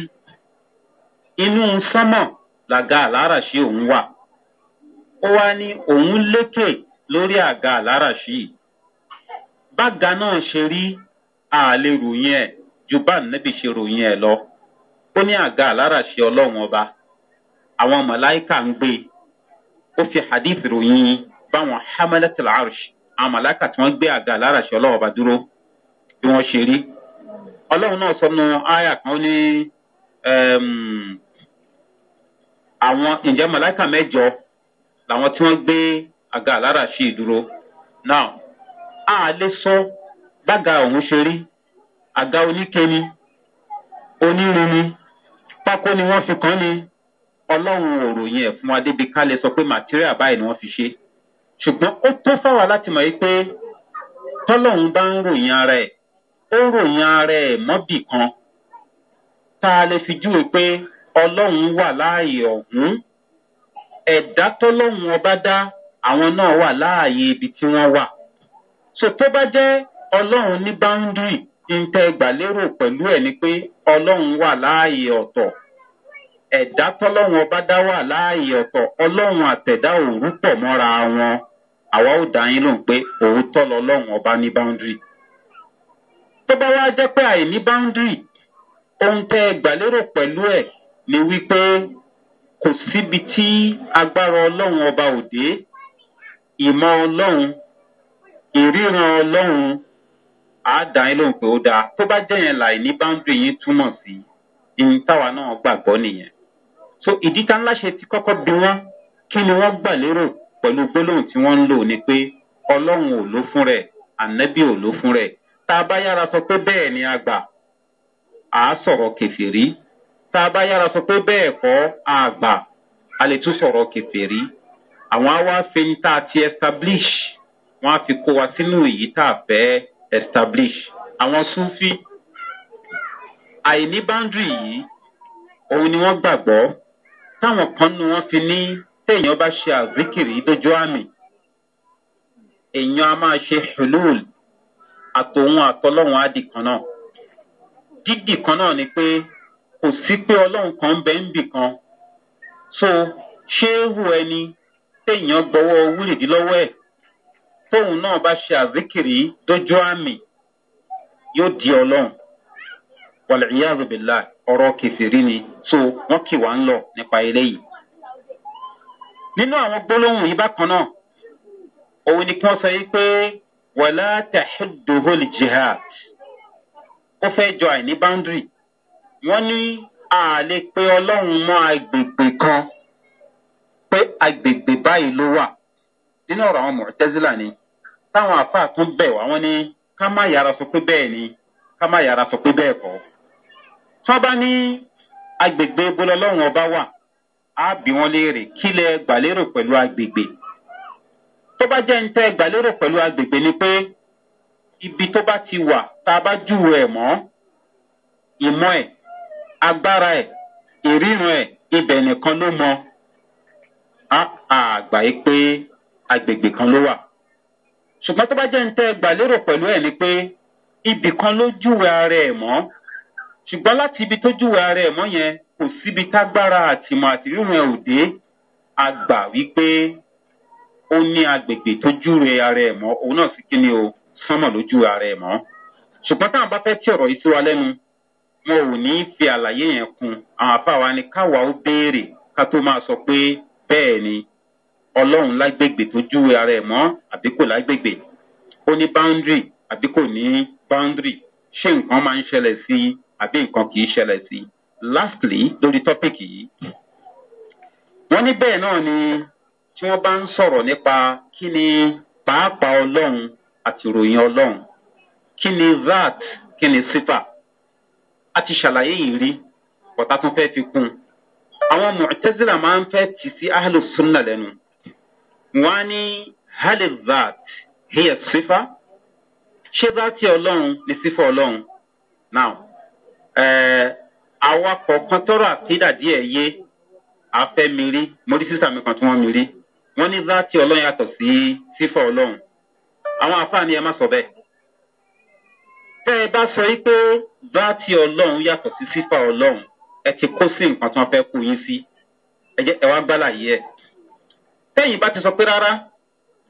inú sánmọ̀ làga àláràṣí òun wà ó wá ní òun lékè lórí àga àláràṣí bága náà ṣe rí àlè ròyìn ẹ̀ ju bá nẹ́bí ṣe ròyìn ẹ̀ lọ ó ní àga aláràṣẹ ọlọ́run ọba àwọn mọ̀láìkà ń gbé ó fi hadith ròyìn báwọn hamalatul arsh àwọn mọ̀láìkà tí wọ́n gbé àga aláràṣẹ ọlọ́run ọba dúró bí wọ́n ṣe rí ọlọ́run náà sọ nu aya kan ní àwọn ǹjẹ́ mọ̀láìkà mẹ́jọ làwọn tí wọ́n gbé àga aláràṣẹ ìdúró now a lè sọ bága òun ṣe rí àga oníkẹ́ni onírin ni pákó ni wọ́n fi kàn ni ọlọ́run òròyìn ẹ̀ fún wa débi ká lè sọ pé màtíríà báyìí ni wọ́n fi ṣe ṣùgbọ́n ó tó fáwa láti mọ̀ pé tọ́lọ́run bá ń ròyìn ara ẹ̀ ó ròyìn ara ẹ̀ mọ́bì kan tá a lè fi júwe pé ọlọ́run wà láàyè ọ̀hún ẹ̀dá tọ́lọ́run ọba dá àwọn náà wà láàyè ibi tí wọ́n wà so tó bá jẹ́ ọlọ́run ní báńdírì ntẹ gbàlérò pẹ̀lú ẹ̀ ni pé ọlọ́run wà láàyè ọ̀tọ̀ ẹ̀dá tọ́lọ́run ọba dá wà láàyè ọ̀tọ̀ ọlọ́run àtẹ̀dá òru pọ̀ mọ́ra wọn àwa ò dá yín lóhùn pé ọba ní báńdírì. tó bá wá jẹ́ pé àìní báńdírì ohun tẹ gbàlérò pẹ̀lú ẹ̀ ni wípé kò síbi tí agbára ọlọ́run ọba ò dé ìmọ̀ ọlọ́run ìríran A dá yín lóhùn pé ó dáa tó bá jẹ́ yẹn láì ní báńdù yín túmọ̀ sí ìyìn táwa náà gbàgbọ́ nìyẹn. so ìdí tá ńlá ṣe ti kọ́kọ́ bí wọ́n kí ni wọ́n gbà lérò pẹ̀lú gbólóhùn tí wọ́n ń lò ni pé ọlọ́run ò ló fún rẹ̀ ànẹ́bí ò ló fún rẹ̀ tá a bá yára sọ pé bẹ́ẹ̀ ni a gbà á sọ̀rọ̀ kẹfìrí tá a bá yára sọ pé bẹ́ẹ̀ kọ́ a gbà a lè tún sọ̀rọ̀ kẹfìrí àwọn á wá fi ní ti establish wọ́n á fi kó wa sínú èyí tá a fẹ́ẹ́ establish àwọn sufi àìní boundary yìí òun ni wọ́n gbàgbọ́ táwọn kan nu wọn fi ní téèyàn bá ṣe àzíkìrì dójú àmì èèyàn a máa ṣe hulul àtòun àtọlọ́run á di kan náà dídì kan náà ni pé kò sí pé ọlọ́run kan ń bẹ ń bì kan so ṣé hù ẹni téèyàn gbọ́wọ́ wúlìdí ẹ̀ tóun náà bá ṣe àzíkìrì dójú àmì yóò di ọlọ́run wàlẹ̀yàzùbìlà ọ̀rọ̀ kìfìrí ni so wọ́n kì wá ń lọ nípa eléyìí. nínú àwọn gbólóhùn yìí bákan náà òun ni kí wọ́n sọ yìí pé wàlá tàhídùhùl jihad ó fẹ́ jọ àìní báńdírì wọ́n ní àlè pé ọlọ́run mọ́ agbègbè kan pé agbègbè báyìí ló wà nínú ọ̀rọ̀ àwọn mọ̀tẹ́sílà ni táwọn àfáà tún bẹ̀ wá wọn ní ká má yàrá sọ pé bẹ́ẹ̀ ni ká má yàrá sọ pé bẹ́ẹ̀ kọ́. tọ́ba ní agbègbè bolọ́lọ́run ọba wà á bí wọn léèrè kí lẹ gbàlérò pẹ̀lú agbègbè. tó bá jẹ́ ń tẹ́ gbàlérò pẹ̀lú agbègbè ni pé ibi tó bá ti wà tá a bá jù ẹ̀ mọ́ ìmọ̀ ẹ̀ agbára ẹ̀ ìríran ẹ̀ ibẹ̀ nìkan ló mọ. a àgbà yìí pé agbègbè kan ló wà ṣùgbọ́n tó bá jẹ́ ń tẹ́ gbàlérò pẹ̀lú ẹ̀ ni pé ibì kan ló júwe ara ẹ̀ mọ́ ṣùgbọ́n láti ibi tó júwe ara ẹ̀ mọ́ yẹn kò síbi tágbára àtìmọ̀ àtìrírun ẹ̀ ò dé a wípé ó ní agbègbè tó júwe ara ẹ̀ mọ́ òun náà sì kí ni o sánmọ̀ ló júwe ara ẹ̀ mọ́ ṣùgbọ́n táwọn bá fẹ́ tí ọ̀rọ̀ yìí sí wa lẹ́nu wọn ò ní fi àlàyé yẹn kun àwọn àbáwa ni káwa ó béèrè ká tó máa sọ pé bẹ́ẹ̀ ni ọlọ́run lágbègbè tó júwe ara ẹ̀ mọ́ àbí kò lágbègbè ó ní boundary àbí kò ní boundary ṣé nǹkan máa ń ṣẹlẹ̀ sí i àbí nǹkan kì í ṣẹlẹ̀ sí i lastly lórí tọ́pìkì yìí wọ́n ní bẹ́ẹ̀ náà ni tí wọ́n bá ń sọ̀rọ̀ nípa kí ni pàápàá ọlọ́run àti ìròyìn ọlọ́run kí ni that kí ni sífà a ti ṣàlàyé yìí rí ọ̀tá tún fẹ́ fi kún un àwọn mọ̀tẹ́sílà máa ń fẹ́ tì sí áhàlù súnà lẹ́nu wọ́n á ní halivat hiya sifa ṣé dáàtì ọlọ́run ní sífà ọlọ́run now eh, àwa kọ̀ọ̀kan tọrọ àkídà díẹ̀ yé afẹ́ mi rí mo rí sísà mi kan tí wọ́n mi rí wọ́n ní dáàtì ọlọ́run yàtọ̀ sí sífà ọlọ́run àwọn àfáàní ẹ má sọ bẹ́ẹ̀ tẹ́ ẹ bá sọ yí pé dáàtì ọlọ́run yàtọ̀ sí sífà ọlọ́run ẹ ti kó sí nǹkan tí wọ́n fẹ́ kú yín sí ẹ wá gbálàyé ẹ̀ tẹ́yìn bá ti sọ pé rárá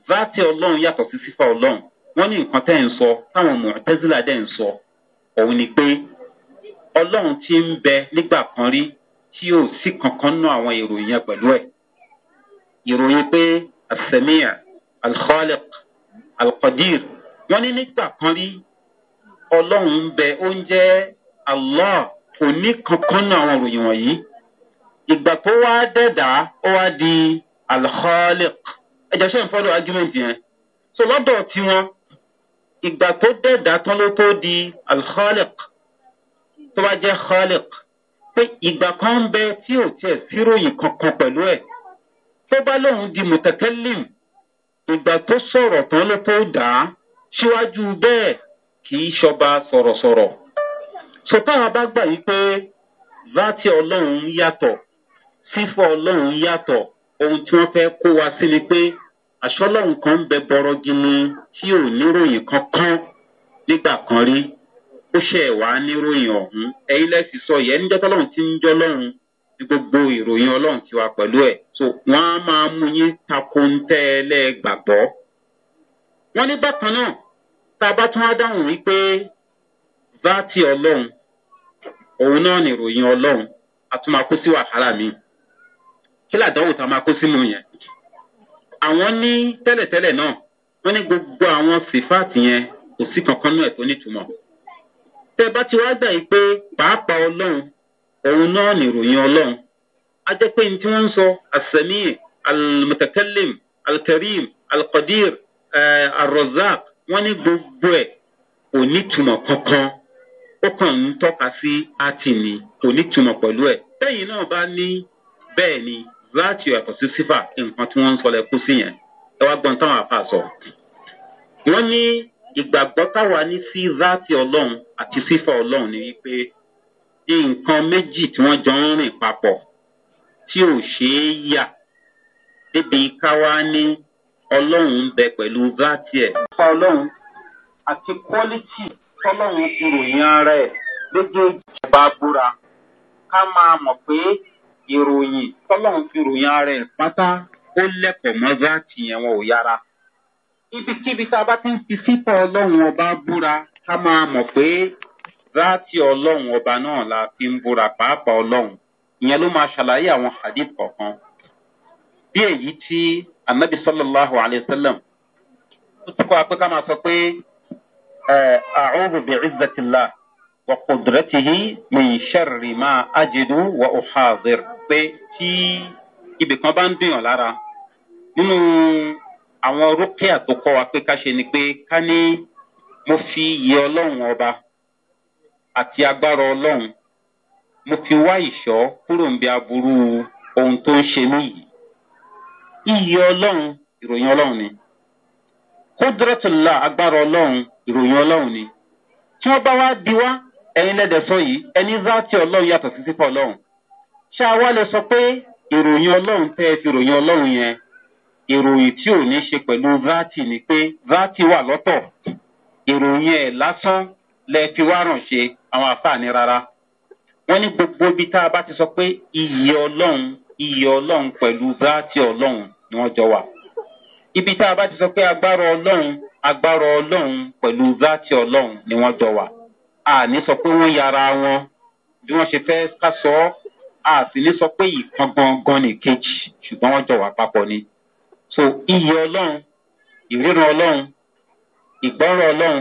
vaati ọlọ́run yàtọ̀ sí sífà ọlọ́run wọ́n ní nǹkan tẹ́ ń sọ táwọn mọ̀tẹ́sílà dẹ́ ń sọ òun ni pé ọlọ́run ti ń bẹ nígbà kan rí tí yóò sí kankan nú àwọn ìròyìn yẹn pẹ̀lú ẹ̀ ìròyìn pé asemiya alkhaliq alqadir wọ́n ní nígbà kan rí ọlọ́run ń bẹ ó allah kò ní kankan nú àwọn ìròyìn wọ̀nyí ìgbà tó wá dẹ́dàá ó wá di alkhaliq ẹjọ ṣe ń fọlọ argument yẹn so lọdọ tiwọn ìgbà tó dẹ̀dá tán ló tó di alkhaliq tó bá jẹ́ khaliq pé ìgbà kan ń bẹ tí ò tiẹ̀ síròyìn kankan pẹ̀lú ẹ̀ tó bá lóun di mutakalim ìgbà tó sọ̀rọ̀ tán ló tó dà á síwájú bẹ́ẹ̀ kì í ṣọba sọ̀rọ̀sọ̀rọ̀ so táwọn bá gbà yí pé vati ọlọ́run yàtọ̀ sífọ̀ ọlọ́run yàtọ̀ ohun tí wọ́n fẹ́ kó wa sí ni pé àṣọlọ́ nǹkan ń bẹ bọ̀rọ̀ gini tí ò níròyìn kankan nígbà kan rí ó ṣe wá níròyìn ọ̀hún ẹ̀yin lẹ́sìn sọ yẹn níjọ́ tọ́lọ́run ti ń jọ́ lọ́run ní gbogbo ìròyìn ọlọ́run ti wà pẹ̀lú ẹ̀ so wọ́n á máa mú yín takuntẹ́ ẹlẹ́gbàgbọ́. wọ́n ní bákan náà tá a bá tún á dáhùn wípé vati ọlọ́run òun náà nìròyìn ọlọ́run a tún máa kó sí wàhálà míì kí làdánwò tá a máa kó sínú yẹn. àwọn ní tẹ́lẹ̀tẹ́lẹ̀ náà wọ́n ní gbogbo àwọn sífáàtì yẹn kò sí kankan náà tó nítumọ̀. tẹ́ ẹ bá ti wá gbà yìí pé pàápàá ọlọ́run òun náà nìròyìn ọlọ́run á jẹ́ pé ní tí wọ́n ń sọ àsẹ̀mí alimutakalim alkarim alkadir arozak wọ́n ní gbogbo ẹ̀ kò nítumọ̀ kankan ó kàn ń tọ́ka sí átì kò nítumọ̀ pẹ̀lú ẹ̀. lẹ́yìn náà bá ní bẹ́ẹ̀ ni láti yàtọ̀ sí sífà nǹkan tí wọ́n ń sọ lẹ́kún sí yẹn ẹ wá gbọ́n táwọn àpá sọ. wọ́n ní ìgbàgbọ́ táwa ní sí láti ọlọ́run àti sífà ọlọ́run ni wípé nǹkan méjì tí wọ́n jọ ń rìn papọ̀ tí ò ṣeé yà débi káwa ní ọlọ́run ń bẹ pẹ̀lú láti ẹ̀. sífà ọlọ́run àti quality tọ́lọ́run fi ròyìn ara ẹ̀ lójú ìjọba búra ká máa mọ̀ pé ìròyìn tọ́lọ́run fi ròyìn ara ẹ̀ pátá ó lẹ́pọ̀ mọ́jà tìyẹn wọn ò yára. ibikíbi tá a bá ti ń fi sípò ọlọ́run ọba búra ká máa mọ̀ pé ráàtì ọlọ́run ọba náà la fi ń búra pàápàá ọlọ́run ìyẹn ló máa ṣàlàyé àwọn hadith kọ̀ọ̀kan. bí èyí tí anabi sallallahu alayhi wa sallam ó ti kọ́ apẹ́ ká máa sọ pé àrùn bìrì zẹtìlá wà kùdùrẹ́tìhì mi ń ṣẹ̀rì máa pé tí ibìkan bá ń dùnyàn lára nínú àwọn rókèà tó kọ́ wa pé ká ṣe ni pé ká ní mo fi iye ọlọ́run ọba àti agbára ọlọ́run mo fi wá ìṣọ́ kúrò níbi aburú ohun tó ń ṣe mí yìí. Iye ọlọ́run ìròyìn ọlọ́run ni. Kódúrọ́tìlá agbára ọlọ́run ìròyìn ọlọ́run ni. Tí wọ́n bá wá bí wá ẹ̀yin lẹ́dẹ̀ sọ yìí ẹni záàtì ọlọ́run yàtọ̀ sí sípò ọlọ́run ṣé a wá lè sọ pé ìròyìn ọlọ́run tẹ́ ẹ fi ròyìn ọlọ́run yẹn ìròyìn tí ò ní ṣe pẹ̀lú vati ni pé vati wà lọ́tọ̀ ìròyìn ẹ̀ lásán lẹ fi wá ràn ṣe àwọn àfààní rárá wọ́n ní gbogbo ibi tá a bá ti sọ pé iyì ọlọ́run iyì ọlọ́run pẹ̀lú vati ọlọ́run ni wọ́n jọ wà ibi tá a bá ti sọ pé agbára ọlọ́run agbára ọlọ́run pẹ̀lú vati ọlọ́run ni wọ́n jọ wà a ní sọ pé wọ́n yára wọn bí wọ́n ṣe fẹ́ ká sọ ọ́ a sì lè sọ pé ìkan gangan ní kejì ṣùgbọ́n wọ́n jọ wà papọ̀ ni. so iyì ọlọ́run ìríran ọlọ́run ìgbọ́rọ̀ ọlọ́run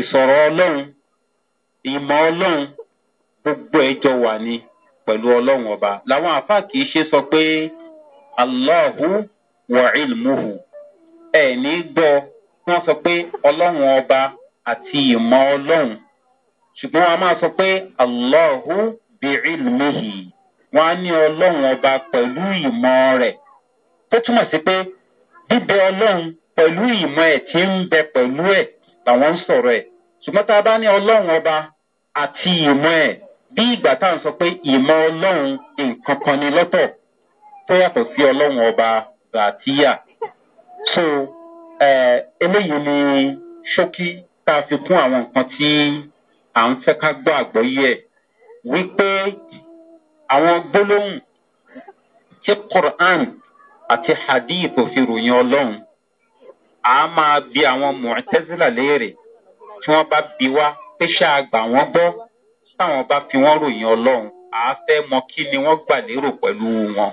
ìsọ̀rọ̀ ọlọ́run ìmọ̀ ọlọ́run gbogbo ẹ̀ jọ wà ní pẹ̀lú ọlọ́run ọba làwọn àfa kìí ṣe sọ pé allahu wa ilmuhu ẹ̀ ní gbọ́ wọ́n sọ pé ọlọ́run ọba àti ìmọ̀ ọlọ́run ṣùgbọ́n a máa sọ pé allahu bi ilmuhi wọn á ní ọlọ́run ọba pẹ̀lú ìmọ̀ rẹ̀ tó túmọ̀ sí pé bíbẹ ọlọ́run pẹ̀lú ìmọ̀ ẹ̀ tí ń bẹ pẹ̀lú ẹ̀ làwọn ń sọ̀rọ̀ ẹ̀ ṣùgbọ́n tá a bá ní ọlọ́run ọba àti ìmọ̀ ẹ̀ bí ìgbà tá à ń sọ pé ìmọ̀ ọlọ́run nǹkan kan ni lọ́tọ̀ tó yàtọ̀ sí ọlọ́run ọba ràtíyà so eléyìí ni ṣókí tá a fi kún àwọn nǹkan tí à ń fẹ́ ká gbọ́ àgbọ́yé ẹ̀ wípé àwọn gbólóhùn tí quran àti hadith òfin ròyìn ọlọ́run a máa bi àwọn mọ̀tẹ́sílà léèrè tí wọ́n bá bi wá pé ṣáà gbà wọ́n gbọ́ táwọn bá fi wọ́n ròyìn ọlọ́run a fẹ́ mọ kí ni wọ́n gbà lérò pẹ̀lú wọn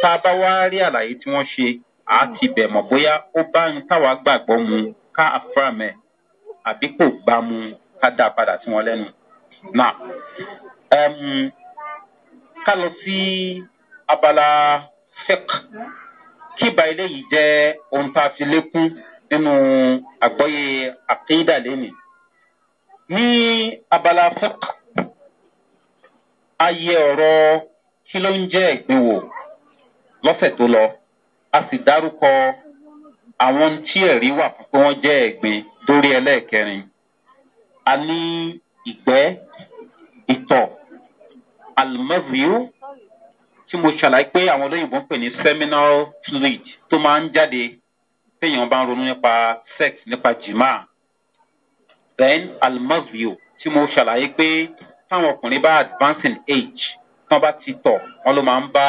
tá a bá wá rí àlàyé tí wọ́n ṣe a ti bẹ̀ mọ̀ bóyá ó bá ń táwa gbàgbọ́ mu ká àfúrámẹ̀ àbí kò gbá mu ká dá a padà sí wọn lẹ́nu ká sí abala fek kíba eléyìí jẹ́ ohun tá a fi lékún nínú àgbọ́yé àkéyídà lẹ́nìí. ní abala fek a yẹ ọ̀rọ̀ kí ló ń jẹ́ ìpín wò lọ́sẹ̀ tó lọ a sì dárúkọ àwọn tí ẹ̀rí wà fún pé wọ́n jẹ́ ẹ̀gbin dórí ẹlẹ́ẹ̀kẹrin a ní ìgbẹ́ ìtọ̀ almaziu tí mo ṣàlàyé pé àwọn olóyìnbó ń pè ní seminal fluid tó máa ń jáde téèyàn bá ń ronú nípa sex nípa jìmá then almaziu tí mo ṣàlàyé pé táwọn ọkùnrin bá advancing age tán bá ti tọ̀ wọ́n ló máa ń bá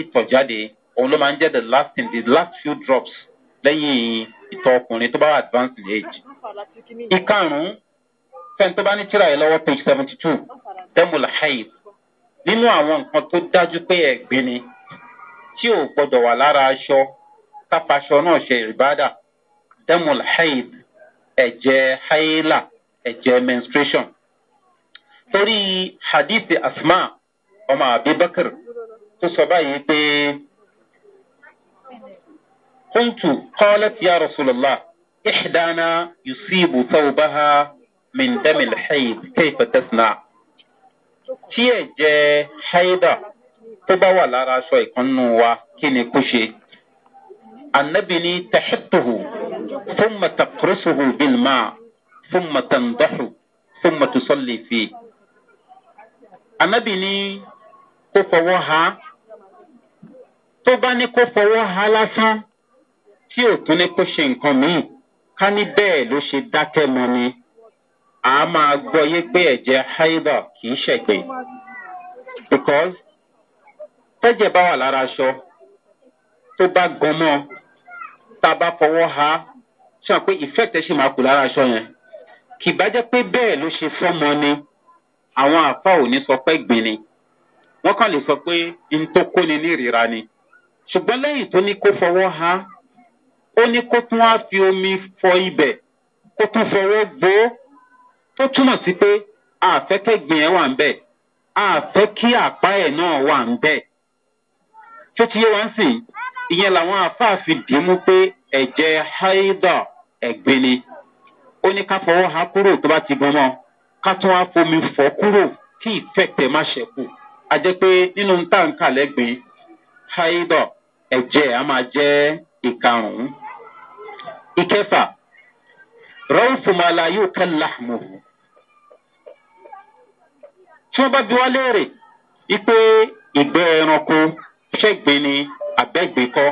ìtọ̀ jáde òun ló máa ń jẹ́ the last thing the last few drops lẹ́yìn ìtọ̀ ọkùnrin tó bá advancing age. ìkarùn-ún fẹ́ni tó bá ní tíra ẹ̀ lọ́wọ́ page seventy two demul haib nínú àwọn nǹkan tó dájú pé ẹ̀gbin ni tí ò gbọdọ̀ wà lára aṣọ kápaṣọ náà ṣe ìrìbádà demul haid ẹ̀jẹ̀ haila ẹ̀jẹ̀ menstruation. torí hadithi asma ọmọ abibakar tó sọ báyìí pé kuntu qalat ya rasulallah ixdana yusibu tawbaha min demul haid kayfa tasna tí ẹ̀jẹ̀ ṣáídà tó bá wà lára aṣọ ìkànnù wa kí ni kó ṣe. anabi ni taxituhu fún matakurisuhu bilma fún matandaxu fún matusallifi. anabi ni kó fọwọ́ ha tó bá ní kó fọwọ́ ha lásán tí ò tún ní kó ṣe nǹkan míì ká ní bẹ́ẹ̀ ló ṣe dákẹ́ mọ́ ni. a máa gbọ́ yé pé ẹ̀jẹ̀ haida kìí í ṣẹ̀gbẹ́ because tẹ́jẹ̀ bá wà lára aṣọ tó bá gan mọ́ tá a bá fọwọ́ ha ṣe àpé pé ìfẹ́ ṣì máa kù lára aṣọ yẹn kì bá jẹ́ pé bẹ́ẹ̀ ló ṣe fọ́mọ ni àwọn àfa ò ní sọ pé gbìn ni wọ́n kàn lè sọ pé n tó kó ni ní ìrira ni ṣùgbọ́n lẹ́yìn tó ní kó fọwọ́ ha ó ní kó tún á fi omi fọ ibẹ̀ kó tún fọwọ́ gbòó. tó túmọ̀ sí pé àfẹ́kẹ́gbìn ẹ̀ wà ń bẹ̀ àfẹ́ kí àpá ẹ̀ náà wà ń bẹ̀ tó ti yé wá ń sìn ìyẹn làwọn afáàfin dìímú pé ẹ̀jẹ̀ haida ẹ̀gbin ni ó ní ká fọwọ́ ha kúrò tó bá ti gan mọ́ ká tún wá fomi fọ́ kúrò kí ìfẹ̀tẹ̀ má ṣẹ̀kù a jẹ́ pé nínú táǹkà lẹ́gbìn haida ẹ̀jẹ̀ a máa jẹ́ ìkarùn-ún ìkẹfà rọ́ọ̀fù màlá yóò kẹ́ láàmú wọ́n bá bí wá léèrè wípé ìgbẹ́ ẹranko ṣẹ́gbẹ́ ni àbẹ́gbẹ́ kọ́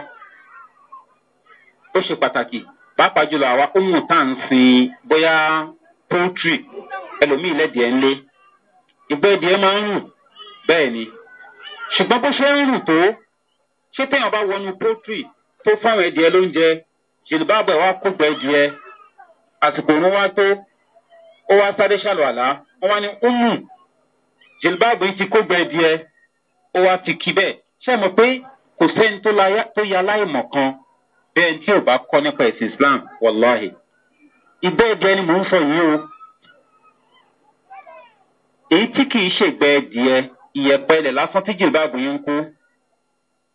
ó ṣe pàtàkì pàápàá jùlọ àwa ohun tá à ń sin bóyá poultry ẹlòmíì lẹ́dìẹ̀ ń lé ìgbẹ́ ẹdìẹ̀ máa ń rùn bẹ́ẹ̀ ni ṣùgbọ́n bó ṣe ń rùn tó ṣé téèyàn bá wọnú poultry tó fáwọn ẹdìẹ̀ lóúnjẹ jìlìbáàbọ̀ ẹ̀ wá kógbọ ẹdìẹ̀ àsìkò òun wá tó ó wá sáré ṣàlọ́ àlá wọ́n wá ní ó mú jìlbáàbù yìí ti kó gbẹ díẹ ó wá ti kí bẹ́ẹ̀ ṣé mo pé kò sẹ́ni tó ya láìmọ̀ kan bẹ́ẹ̀ tí ò bá kọ́ nípa ẹ̀sìn islam wàláhì ìgbẹ́ ẹ̀jẹ̀ ni mò ń sọ yìí o èyí tí kì í ṣègbẹ́ díẹ ìyẹ̀pẹ̀ ilẹ̀ lásán tí jìlbáàbù yìí ń kú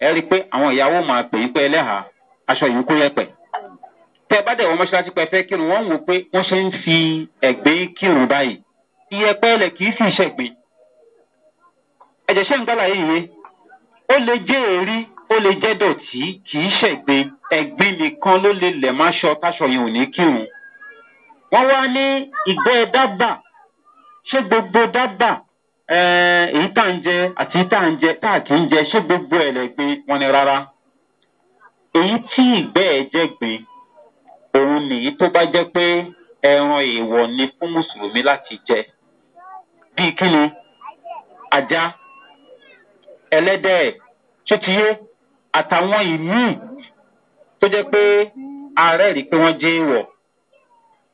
ẹ rí i pé àwọn ìyàwó máa pè é pé ẹlẹ́hàá aṣọ yìí ń kó yẹ̀pẹ̀ tẹ bá dẹ̀ wọ́n mọ́ṣáláṣí pẹ́ kírun wọ́n wò pé wọ́n ṣe ń fi ẹ̀gbẹ́ kírun báyìí ìyẹ̀pẹ̀ ilẹ̀ kì í sì ṣẹ̀gbìn ẹ̀jẹ̀ ṣe ń gbọ́là yìí yé ó lè jẹ́ èrí ó lè jẹ́ dọ̀tí kì í ṣẹ̀gbẹ́ ẹ̀gbin nìkan ló lè lẹ̀ máṣọ táṣọ yẹn ò ní kírun. wọ́n wá ní ìgbẹ́ dábà ṣé gbogbo dábà èyí tá à ń jẹ àti tá ń jẹ tá kì í jẹ ṣé gbogbo ẹ̀ lẹ̀gbin wọn ni rárá. èyí tí ìgbẹ́ ẹ̀ jẹ́ gbin òun nìyí tó bá jẹ́ pé ẹran èèwọ̀ ni fún mùsùlùmí láti jẹ bíi kí ni ajá ẹlẹ́dẹ̀ títíyé àtàwọn ìmíì tó jẹ́ pé ààrẹ rí pé wọ́n jẹ́ ìwọ̀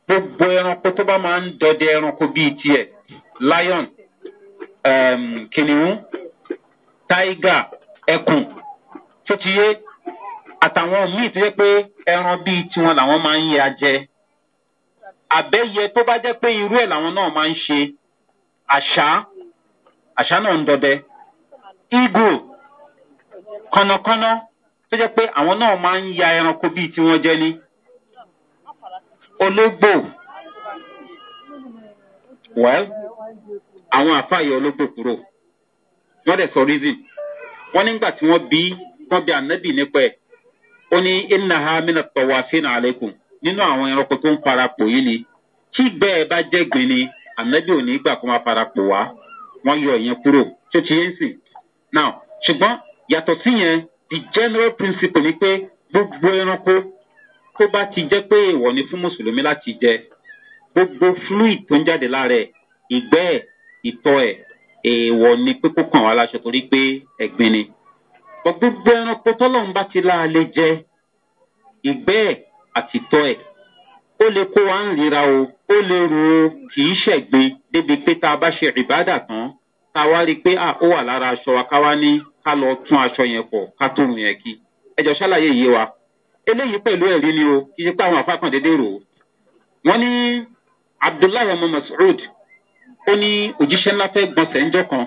gbogbo ẹranko tó bá máa ń dọdẹ ẹranko bíi tiẹ̀ lion um, kìnìún tiger ẹkùn títíyé àtàwọn míì tó jẹ́ pé ẹran bíi tiwọn làwọn máa ń yẹ ajẹ àbẹ́yẹ tó bá jẹ́ pé irú ẹ̀ làwọn náà máa ń ṣe àṣà àṣà náà ń dọdẹ eagle kọnọkọnọ tó jẹ́ pé àwọn náà máa ń ya ẹranko bíi tí wọ́n jẹ́ ní olóògbò well àwọn àfààyè olóògbò kúrò wọ́n dẹ̀ sọ reason wọ́n nígbà tí wọ́n bí wọn bí anabi nípa ẹ ó ní ìnáha mìíràn àfihàn àlékún nínú àwọn ẹranko tó ni tí bẹ́ẹ̀ bá ni anabi ò ní gbà kó parapò wá yọ ìyẹn kúrò tó ti now ṣùgbọ́n yàtọ̀ sí yẹn the general principle ni pé gbogbo ẹranko tó bá ti jẹ́ pé èèwọ̀ ni fún mùsùlùmí láti jẹ gbogbo fluid tó ń jáde lára ẹ̀ ìgbẹ́ ẹ̀ ìtọ́ ẹ̀ èèwọ̀ ni pé kó kàn wá láṣọ torí pé ẹ̀gbin ni gbogbo ẹranko tọ́lọ́run bá ti láàlẹ́ jẹ ìgbẹ́ ẹ̀ àtìtọ́ ẹ̀ ó lè kó wa ń ríra o ó lè ro o kì í ṣẹ̀gbin débi pé tá a bá ṣe ìbádà tán tá a wá rí i pé ó wà lára aṣọ wa ká wá ní ká lọ tún aṣọ yẹn pọ̀ ká tóun yẹn kí ẹjọ ṣàlàyé yìí wa eléyìí pẹ̀lú ẹ̀rí ni o kì í ṣe pé àwọn àfa kan déédéé rò ó wọ́n ní abdullahi ọmọ masoud ó ní òjíṣẹ́ ńlá fẹ́ gbọ̀nsẹ̀ ńjọ́ kan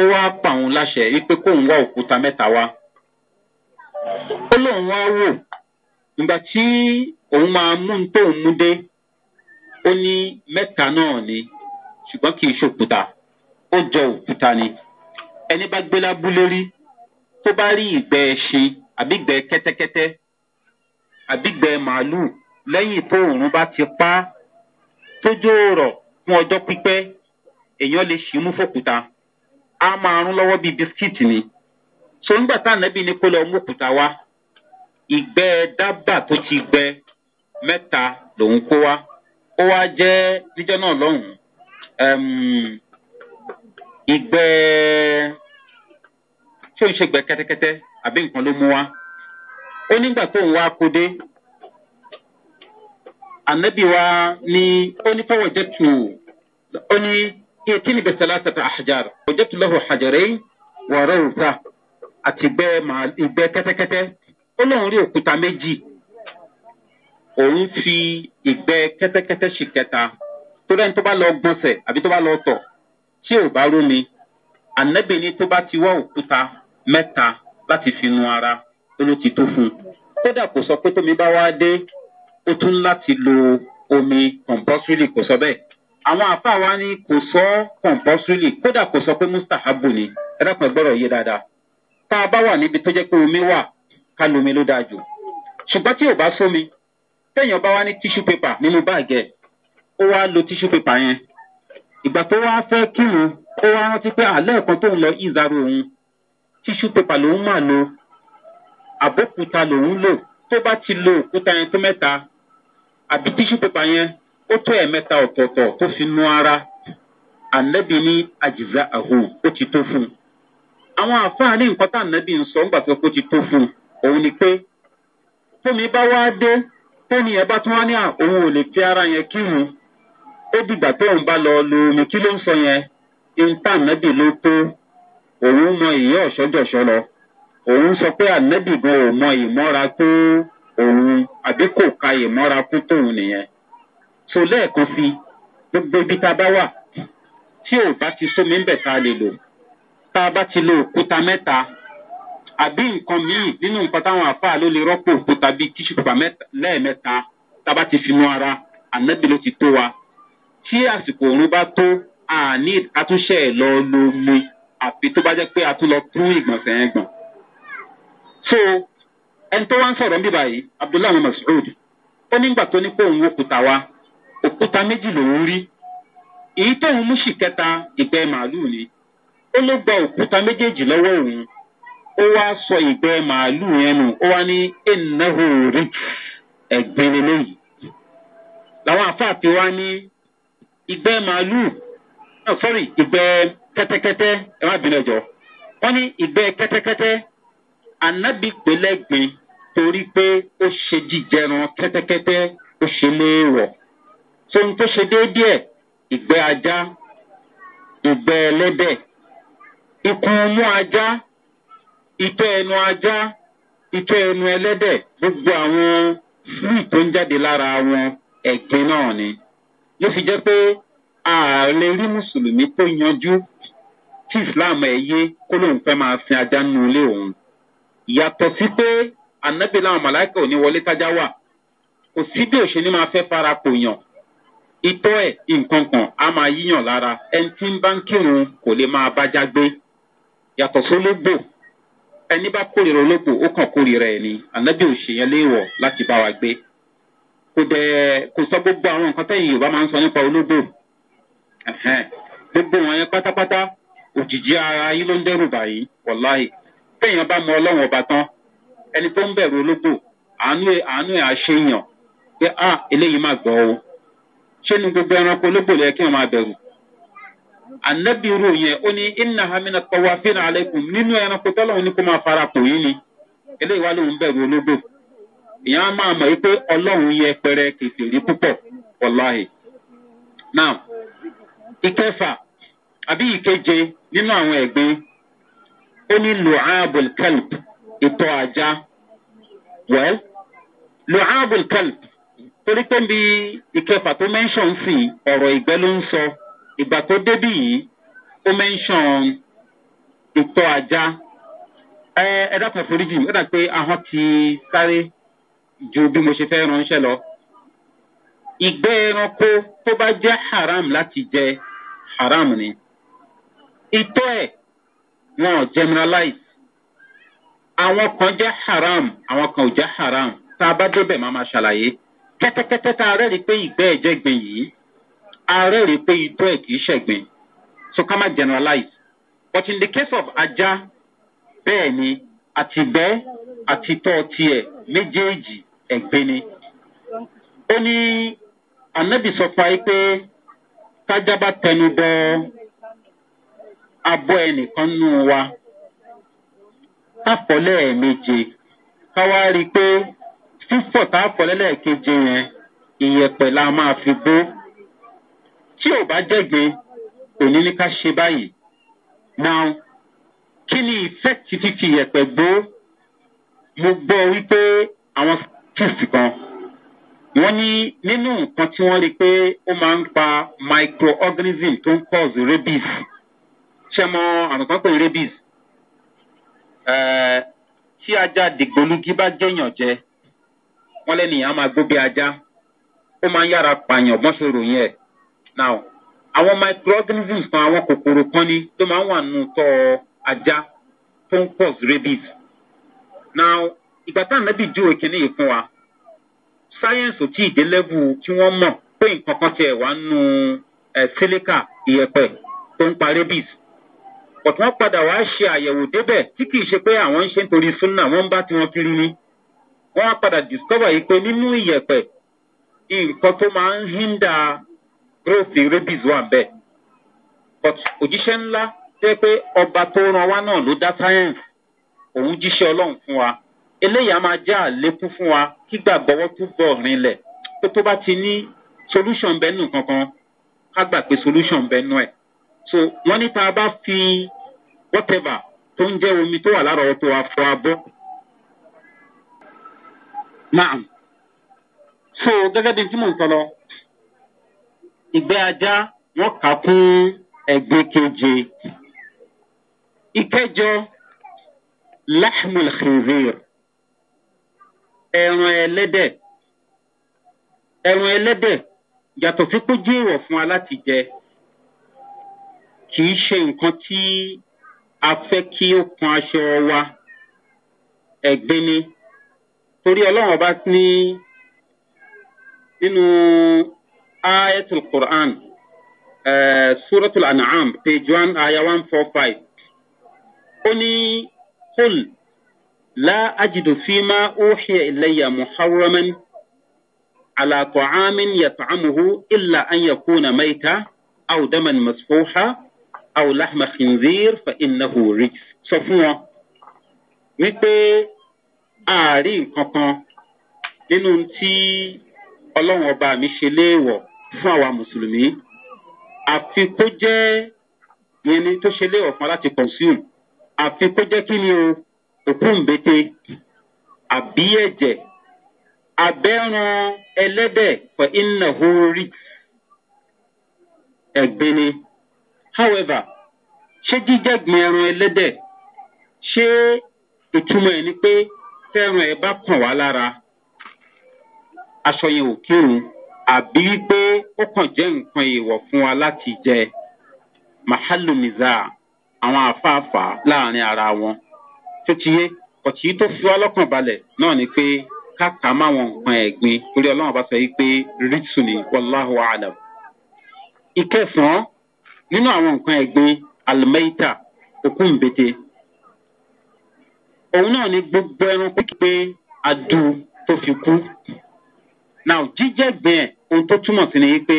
ó wá pa òun láṣẹ wípé kóun wá òkúta mẹ́ta wá ó lóun wá wò ìgbà tí òun máa mú tóun mú dé ó ní mẹ́ta náà ni ṣùgbọ́n kì í ṣòkúta ó jọ òkúta ni ẹni bá gbé lábúlé rí tó bá rí ìgbẹ́ ẹṣin àbí ìgbẹ́ kẹ́tẹ́kẹ́tẹ́ àbí ìgbẹ́ màálù lẹ́yìn tó òòrùn bá ti pa á tójó rọ̀ fún ọjọ́ pípẹ́ èèyàn lè ṣì mú fòkúta á máa rún lọ́wọ́ bíi bisikíìtì ni so nígbà tá ànábì ni kó lọ mú òkúta wá ìgbẹ́ dábà tó ti gbẹ mẹ́ta lòun kó wá ó wá jẹ́ níjọ́ náà lọ́hùn ìgbẹ́ ṣé ń ṣe gbẹ kẹ́tẹ́kẹ́tẹ́ àbí nǹkan ló mú wa ó nígbà tó ń wá kó ànábì wa ni ó ní fọwọ́ jẹ́ tù ó ní kí ni bẹ̀sẹ̀ láti ta àhàjàr ọjọ́ tó lọ́wọ́ àhàjàrẹ́ wọ̀rọ̀ òrùka àti ìgbẹ́ kẹ́tẹ́kẹ́tẹ́ ó lóun rí òkúta méjì òun fi ìgbẹ́ kẹ́tẹ́kẹ́tẹ́ ṣì kẹta tó dẹ́ni tó bá lọ gbọ́nsẹ̀ àbí tó bá lọ tọ̀ tí ò bá rómi ànẹ́bì ni tó bá ti wọ́ òkúta mẹ́ta láti fi nu ara ó ló ti tó fún un kódà kò sọ pé tómi bá wá dé ó tún láti lo omi compulsory kò sọ bẹ́ẹ̀ àwọn àfa wa ni kò sọ compulsory kódà kò sọ pé mustahabu ni ẹ dákun ẹ yé dáadáa tá a bá wà níbi tó jẹ́ pé omi wà ká lomi ló dáa jù ṣùgbọ́n tí ò bá sómi téèyàn bá wá ní tissue paper nínú báàgì ẹ̀ ó wá lo tissue paper yẹn ìgbà tó wá fẹ́ kírun ó wá rántí pé àlẹ́ kan tó ń lọ ìzàrò òun tíṣú pépà lòún mà lo àbókúta lòún lò tó bá ti lo òkúta yẹn tó mẹ́ta àbí tíṣú pépà yẹn ó tó ẹ̀mẹ́ta ọ̀tọ̀ọ̀tọ̀ tó fi nu ara ànẹ́bí ní àjìzá àhùn ó ti tó fún un. àwọn àfáà ní nǹkan tá ànẹ́bí ń sọ ńgbà tó kó ti tó fún un òun ni pé tómi bá wá dé tómi yẹn bá tún wá ní à òun ò lè fi ara yẹn kírun ó dìgbà tóun bá lọ lo omi kí ló ń sọ yẹn ìńtà nẹ́bì ló tó òun mọ ìyá ọ̀ṣọ́jọ̀ṣọ́ lọ òun sọ pé ànẹ́bì gan ò mọ ìmọ́ra tó òun àbí kò ka ìmọ́ra kú tóun nìyẹn so lẹ́ẹ̀kan sí gbogbo ibi tá a bá wà tí ò bá ti sómi ń bẹ̀ tá a lè lò tá a bá ti lo òkúta mẹ́ta àbí nǹkan míì nínú nǹkan táwọn àfáà ló lè rọ́pò òkúta bíi tíṣù pàpà lẹ́ẹ̀mẹ́ta tá a bá ti fi mú ara ànẹ́bì ló ti tó wa. tí àsìkò òórùn bá tó àní àtúnṣe ẹ lọ lo omi àfi tó bá jẹ́ pé a tún lọ tún ìgbọ̀nsẹ̀ yẹn so ẹni tó wá ń sọ̀rọ̀ níbà yìí abdullahi masoud ó nígbà tó ní pé òun òkúta wa òkúta méjì lòún rí èyí mú sì kẹta màálù ni ó ló gba òkúta méjèèjì lọ́wọ́ òun sọ màálù yẹn nù ó wá ní rí làwọn àfáà ti wá ní ìgbẹ́ màálù oh, sorry ìgbẹ́ kẹ́tẹ́kẹ́tẹ́ ẹ má bínú ẹjọ́ wọ́n ní ìgbẹ́ kẹ́tẹ́kẹ́tẹ́ ànábì pélẹ́gbin torí pé ó ṣe jíjẹran kẹ́tẹ́kẹ́tẹ́ ó ṣe léèwọ̀ so n tó ṣe déédéẹ̀ ìgbẹ́ ajá ìgbẹ́ ẹlẹ́dẹ̀ ikùn mú ajá ìtọ́ ẹnu ajá ìtọ́ ẹnu ẹlẹ́dẹ̀ gbogbo àwọn fúlù tó ń jáde lára wọn ẹ̀gbin náà ni ló fi jẹ́ pé ààrẹ rí mùsùlùmí tó yanjú tí islam ẹ̀ yé kó lóun fẹ́ máa sin ajá nínú ilé òun yàtọ̀ sí pé anabi làwọn màláìkà ò ní wọlé tájá wà kò sí bí òṣèlú máa fẹ́ fara kò yàn itọ́ ẹ̀ nǹkan kan máa yíyàn lára ẹni tí ń bá ń kírun kò lè máa bájá gbé yàtọ̀ sólógbò ẹni bá kórìíra ológbò ó kàn kórìíra ẹ̀ ni ànábì òṣèyàn léèwọ̀ láti bá wa gbé. kò dẹ̀ kò sọ gbogbo àwọn nǹkan tẹ́yìn yorùbá máa ń sọ nípa ológbò gbogbo wọn yẹn pátápátá òjìji ara yín ló ń dẹrù báyìí wọláì téèyàn bá mọ ọlọ́run ọba tán ẹni tó ń bẹ̀rù àánú àánú àṣeyàn pé a eléyìí máa gbọ́ o ṣé ni gbogbo ẹranko ológbò lẹ kí wọn máa bẹ̀rù. ànábì irú yẹn ó ní iná hamina nínú ẹranko ìyá máa mọ̀ wípé ọlọ́run yẹ pẹrẹ kìtìrí púpọ̀ wọláhì. now ìkẹfà àbí ìkeje nínú àwọn ẹ̀gbin ó ní lu'abul kelp ìtọ́ ajá well lu'abul kelp torí pé bí ìkẹfà tó mẹ́ńsàn sí ọ̀rọ̀ ìgbẹ́ ló ń sọ ìgbà tó débì yìí ó mẹ́ńsàn ìtọ́ ajá ẹ ẹ dákun foríjì ẹ dà pé ahọ́n ti sáré. ju bí mo ṣe fẹ́ ránṣẹ́ lọ. ìgbẹ́ ẹranko tó bá jẹ́ haram láti jẹ haram ni. ìtọ́ ẹ̀ wọn ò generalize. àwọn kan jẹ́ haram àwọn kan ò jẹ́ haram tá a bá débẹ̀ máa ma ṣàlàyé. kẹ́tẹ́kẹ́tẹ́ tá a rẹ́rìí pé ìgbẹ́ ẹ̀ jẹ́ yìí a rẹ́rìí pé ìtọ́ ẹ̀ kì ṣẹ̀gbìn. so ká má generalize. but in the case of ajá bẹ́ẹ̀ ni àtìgbẹ́ àtìtọ́ tiẹ̀ méjèèjì ẹ̀gbin ni. ó ní ànábì sọ fún wa pé tájábà tẹnu bọ abọ́ ẹnìkan nù wa káfọ́lẹ́ ẹ̀ẹ̀méje ká wá rí i pé fífọ̀ káfọ́lẹ́ lẹ́ẹ̀keje yẹn ìyẹ̀pẹ̀ la máa fi bó tí ò bá jẹ́gbe kò ní ká ṣe báyìí. now kí ni ìfẹ́ ti fífi ìyẹ̀pẹ̀ gbó mo gbọ́ wípé àwọn. cyst kan wọ́n ní nínú nǹkan tí wọ́n rí i pé ó máa ń pa microorganism tó ń cause rabies ṣe mọ àrùn rabies tí ajá dìgbòlugi bá jẹyàn jẹ wọn lẹ́nìyàn máa gbóbi ajá ó máa ń yára pààyàn bọ́n yẹn. ròyìn awọn now àwọn kan àwọn kòkòrò kan ni tó máa ń wà nù tọ́ ajá tó ń cause rabies now ìgbà tá ànábì júwe kínní yìí fún wa sáyẹ́ǹsì tí ìdè lẹ́bù tí wọ́n mọ̀ pé nǹkan kan tiẹ̀ wá nù ẹ̀ sílíkà ìyẹ̀pẹ̀ tó ń parí bíìsì ọ̀tún wọn padà wá ṣe àyẹ̀wò débẹ̀ tí kìí ṣe pé àwọn ń ṣe nítorí súnà wọ́n ń bá tiwọn kiri ni wọ́n á padà discover yìí pé nínú ìyẹ̀pẹ̀ nǹkan tó máa ń hinda growth rabies wà bẹ́ẹ̀ but òjíṣẹ́ ńlá jẹ́ pé ọba tó ran wa náà ló dá science òun jíṣẹ́ ọlọ́run fún wa eléyìí a máa jẹ́ àlékún fún wa kí gbàgbọ́wọ́ túbọ̀ rinlẹ̀ pé tó bá ti ní solution bẹ́ẹ̀ nù kankan ká gbà pé solution bẹ́ẹ̀ nù so wọ́n ní tá bá fi whatever tó ń jẹ́ omi tó wà lára ọ̀tọ̀ afọ abọ́. naam so gẹ́gẹ́ bí tí mò ń sọ lọ ìgbẹ́ ajá wọ́n kà kún ẹgbẹ́ keje. ìkẹjọ lahmul khizir ẹran ẹlẹ́dẹ̀ ẹran ẹlẹ́dẹ̀ yàtọ̀ sí pé jẹ́ èèwọ̀ fún wa láti jẹ kì í ṣe nǹkan tí a fẹ́ kí ó kan aṣọ wa ẹ̀gbin ni torí ọlọ́run ọba ní nínú ayatul quran uh, suratul anam page one aya one four five ó ní kúlù. لا أجد فيما أوحي إلي محرما على طعام يطعمه إلا أن يكون ميتا أو دما مسفوحا أو لحم خنزير فإنه رجس صفوا wípé ààrí nǹkan kan nínú tí ọlọ́run ọba mi ṣe léèwọ̀ fún àwa mùsùlùmí àfi kó jẹ́ ìrìn tó ṣe léèwọ̀ fún aláti consume àfi kó jẹ́ kí ni o òkúńbété àbí ẹ̀jẹ̀ abẹ́ran ẹlẹ́dẹ̀ for inna hori ẹ̀gbin ni. however ṣé jíjẹ́gbin ẹran ẹlẹ́dẹ̀ ṣé ìtumọ̀ ẹ̀ ni pé tẹ́ran ẹ̀ bá kàn wá lára aṣọ yẹn ò kírun àbí pé ó kàn jẹ́ nǹkan èèwọ̀ fún wa láti jẹ mahalumiza àwọn àfáàfáà láàrin ara wọn. tó ti yé ọ̀tí tó fi wá náà ni pé ká kà má wọn torí bá sọ yìí pé rìtù ni wàláhù àlàm. ìkẹsàn-án nínú àwọn nǹkan ẹ̀gbin alimẹ́ta òkú òun náà ni gbogbo ẹran pípé adu tó fi kú. now jíjẹ́ ohun tó túmọ̀ sí ni pé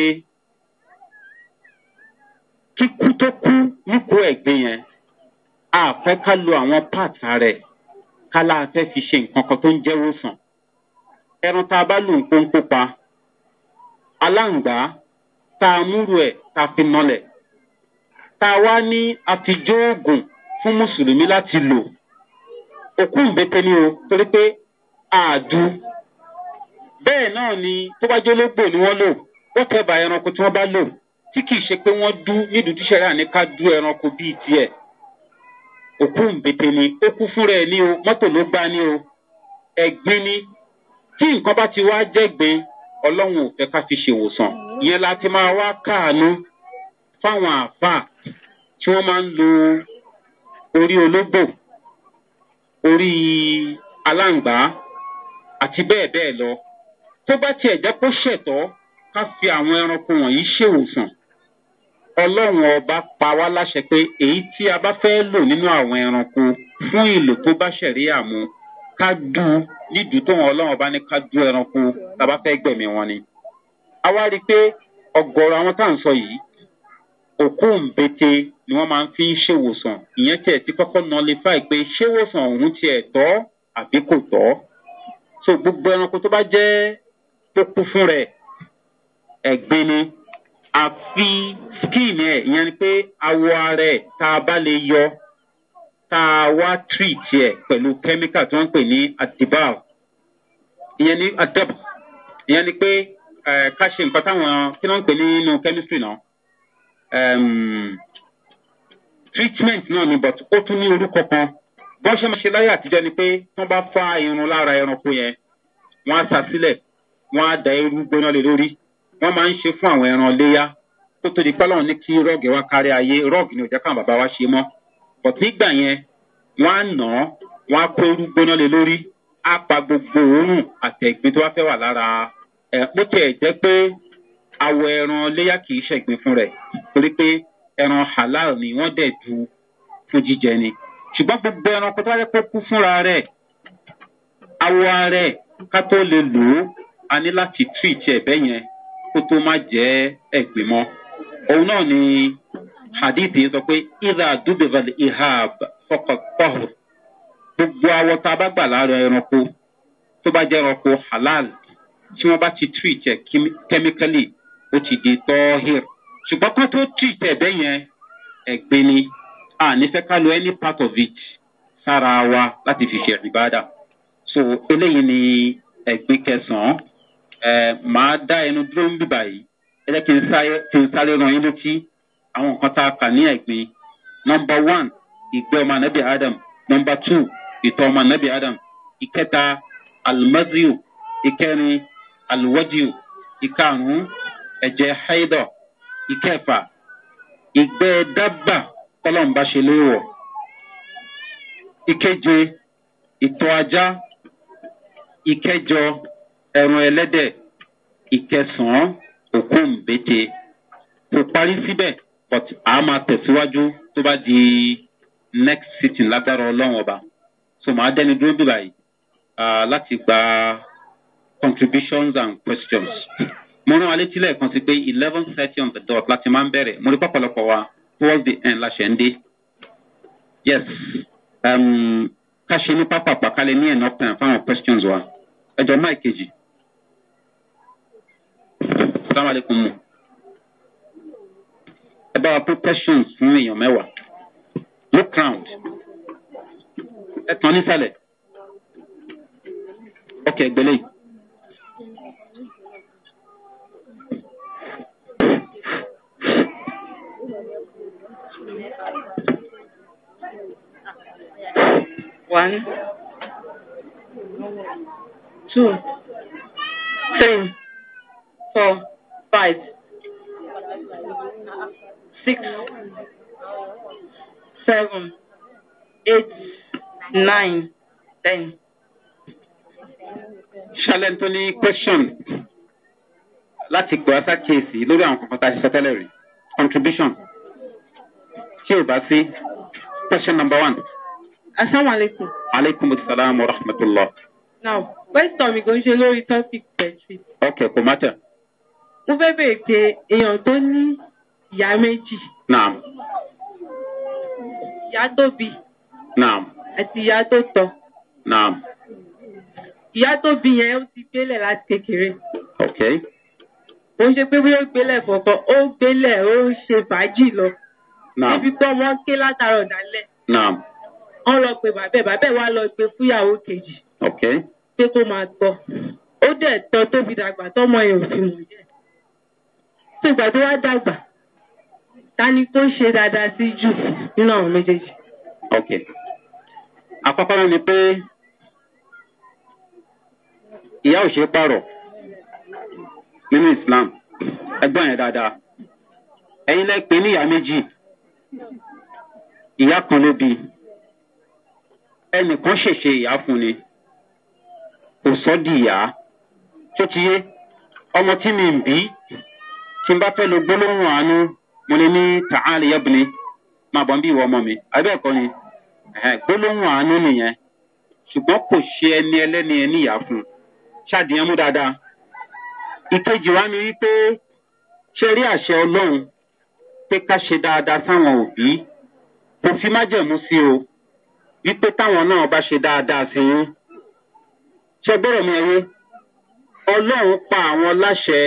kíkú tó kú yẹn a fẹ́ ká lo àwọn part rẹ̀ ká láà fẹ́ fi ṣe nǹkan kan tó ń jẹ́ wòsàn ẹran tá a bá lò ń pọ́n kópa aláǹgbá tá a múrò ẹ̀ tá a fi nọlẹ̀ tá a wá ní àtijọ́ oògùn fún mùsùlùmí láti lò òkú ìbẹ́tẹ́ ni o torí pé àdú bẹ́ẹ̀ náà ni tó bá jẹ́ ológbò ni wọ́n lò wọ́n tẹ̀bà ẹranko tí wọ́n bá lò tí kì í ṣe pé wọ́n dú nídùú tíṣẹ́ rà ní ká dú ẹranko bíi tiẹ̀ òkú mbètè ni ó kú fúnra ẹ ní o mọ́tò ló gbá ní o ẹ̀gbin ni tí nǹkan bá ti wá jẹ́gbin ọlọ́run ò fẹ́ ká fi ṣèwòsàn ìyẹn la ti máa wá káàánú fáwọn àáfàá tí wọ́n máa ń lo orí ológbò orí aláǹgbá àti bẹ́ẹ̀ bẹ́ẹ̀ lọ tó bá tiẹ̀ jẹ́ kó ṣẹ̀tọ́ ká fi àwọn ẹranko wọ̀nyí ṣèwòsàn ọlọ́run ọba pa wá láṣẹ pé èyí tí a bá fẹ́ lò nínú àwọn ẹranko fún ìlò tó bá ṣẹ̀rí àmú ká du nídùú tóun ọlọ́run ọba ní ká du ẹranko tá a bá fẹ́ gbẹ̀mí wọn ni. a wá rí i pé ọgọ́rọ̀ àwọn tá à ń sọ yìí òkú ǹbete ni wọ́n máa ń fi ń ṣèwòsàn ìyẹn tiẹ̀ ti kọ́kọ́ nọlifáì pé ṣéwòsàn òun tiẹ̀ tọ́ àbí kò tọ́. so gbogbo ẹranko tó bá jẹ́ tó kú fún rẹ̀ ẹ̀gbin ni àfi skin ẹ̀ ìyẹn ni pé awọ ara ẹ̀ tá a bá lè yọ tá a wá treat ẹ̀ pẹ̀lú chemical tí wọ́n ń pè ní adibal ìyẹn ni adab ìyẹn ni pé ká ṣe nǹkan táwọn kí wọ́n ń pè nínú chemistry náà treatment náà ni but ó tún ní orúkọ kan bọ́n ṣe máa ṣe láyé àtijọ́ ni pé wọ́n bá fa irun lára ẹranko yẹn wọ́n á sa sílẹ̀ wọ́n á da irú gbóná lé lórí wọ́n máa ń ṣe fún àwọn ẹran léyà tó tó di pé ọlọ́run ní kí rọ́ọ̀gì wá kárí ayé rọ́ọ̀gì ni ò jẹ́ káwọn bàbá wa ṣe mọ́ but nígbà yẹn wọ́n á nà án wọ́n á kó orú gbóná lé lórí á pa gbogbo òórùn àtẹ̀gbin tó wá fẹ́ wà lára ẹ̀ tiẹ̀ jẹ́ pé awọ ẹran léyà kì í ṣẹ̀gbin fún rẹ̀ torí pé ẹran halal ni wọ́n dẹ̀ du fún jíjẹ ni ṣùgbọ́n gbogbo ẹran kó tó wá jẹ́ pé kú fúnra rẹ̀ awọ rẹ̀ ká tó lè lò ó a ní láti tú ìtì ẹ̀bẹ́ yẹn kó tó má jẹ́ ẹ̀pẹ̀ mọ́ òun náà ni hadithi sọ pé ìdá dúbẹ̀fẹ̀ ihab fọkàtọ́hù gbogbo awọ tá a bá gbà lára ẹranko tó bá jẹ́ ẹranko halal tí wọ́n bá ti treat ẹ̀ chemically ó ti di tọ́hìr ṣùgbọ́n kó tó treat bẹ́ẹ̀ yẹn ẹ̀gbin ni a nífẹ̀ẹ́ ká lo any part of it sára wa láti fi ṣe ìbádà so eléyìí ni ẹ̀gbin kẹsàn-án ẹ màá dá ẹnu dúró ń bì báyìí ẹ jẹ́ kí n sáré kí n sáré ran yín létí àwọn nǹkan tá a kà ní ẹ̀gbin nọmba one ìgbẹ́ ọmọ anabi adam nọmba two ìtọ́ ọmọ anabi adam ìkẹta almaziu ìkẹrin alwajiu ìkarùn-ún ẹ̀jẹ̀ haidọ̀ ìkẹfà ìgbẹ́ dábà tọ́lọ́mùbá ṣe léwọ̀ ìkeje ìtọ́ ajá ìkẹjọ ẹran ẹlẹ́dẹ̀ ìkẹsàn-án òkú ńbete kò parí síbẹ̀ but a máa tẹ̀síwájú tó bá di next sitting lágbára ọlọ́run ọba so màá dẹ́ni dúró bíbá yìí láti gba contributions and questions mo rán alẹ́ tílẹ̀ sí pé eleven thirty on the dot láti máa ń bẹ̀rẹ̀ mo rí pọ̀pọ̀lọpọ̀ wa towards the end la ń dé yes um, ká ṣe ní pápá pàkálẹ̀ ní ẹ̀nà ọ̀pẹ̀ fáwọn questions wa ẹjọ́ máa kejì sàmàlẹ́kùn mu ẹ bá wa protections fún èèyàn mẹ́wàá look round ẹ tàn nísàlẹ̀ ọkẹ́ ẹgbẹ́lẹ́ yìí. One, two, three, four five, six, seven, eight, nine, ten. Ṣalẹ̀ tó ní question láti gbọ́ aṣákèésí lórí àwọn kọ̀ọ̀kan tá a ṣe sọ́tẹ́lẹ̀ rí contribution tí ò bá sí question number one. Asalaamualeykum. Aleykum salaam wa rahmatulah. Now, question mi kò ń ṣe lórí topic pẹ̀lú. Okay, kò má tẹ̀ mo fẹ́ bèèrè pé èèyàn tó ní ìyá méjì. naam. ìyá tó bí. naam. àti ìyá tó tọ. naam. ìyá tó bí yẹn ó ti gbélẹ̀ láti kékeré. ok. ó ń ṣe pé bí ó gbélẹ̀ fọ̀kàn ó gbélẹ̀ ó ń ṣe fàájì lọ. naam. ibi tó wọ́n ké látàrọ̀ dálẹ̀. naam. wọ́n lọ pé bàbẹ́ bàbẹ́ wa lọ gbé fúyàwó kejì. ok. pé kó máa gbọ́. ó dẹ̀ tọ́ tóbi dàgbà tọ́mọ yẹn ò fi mọ̀ jẹ́ tó ìgbà tó wá dàgbà ta ni tó ṣe dáadáa sí jù nínú àwọn méjèèjì. ok àkọ́kọ́ ló ni pé ìyá ò ṣe pààrọ̀ nínú islam ẹgbọ́n yẹn dáadáa ẹ̀yin lẹ́ pé ní ìyá méjì ìyá kan ló bi ẹnìkan ṣèṣe ìyá fún ni kò sọ́ di ìyá tó ti yé ọmọ tí mi ń bí tí n bá fẹ́ lo gbólóhùn àánú mo lè ní tàhálì yẹ́bùnì máa bọ̀ ń bí ìwọ ọmọ mi àbẹ́ ẹ̀kọ́ ni gbólóhùn àánú nìyẹn ṣùgbọ́n kò ṣe ẹni ẹlẹ́ni ẹni ìyá fún un mú dáadáa. ìkejì wa ni wípé ṣe rí àṣẹ ọlọ́run pé ká ṣe dáadáa sáwọn òbí kò fi májẹ̀mú sí o wípé táwọn náà bá ṣe dáadáa sí yín. ṣe gbọ́dọ̀ mi ẹ̀rí ọlọ́run pa àwọn láṣẹ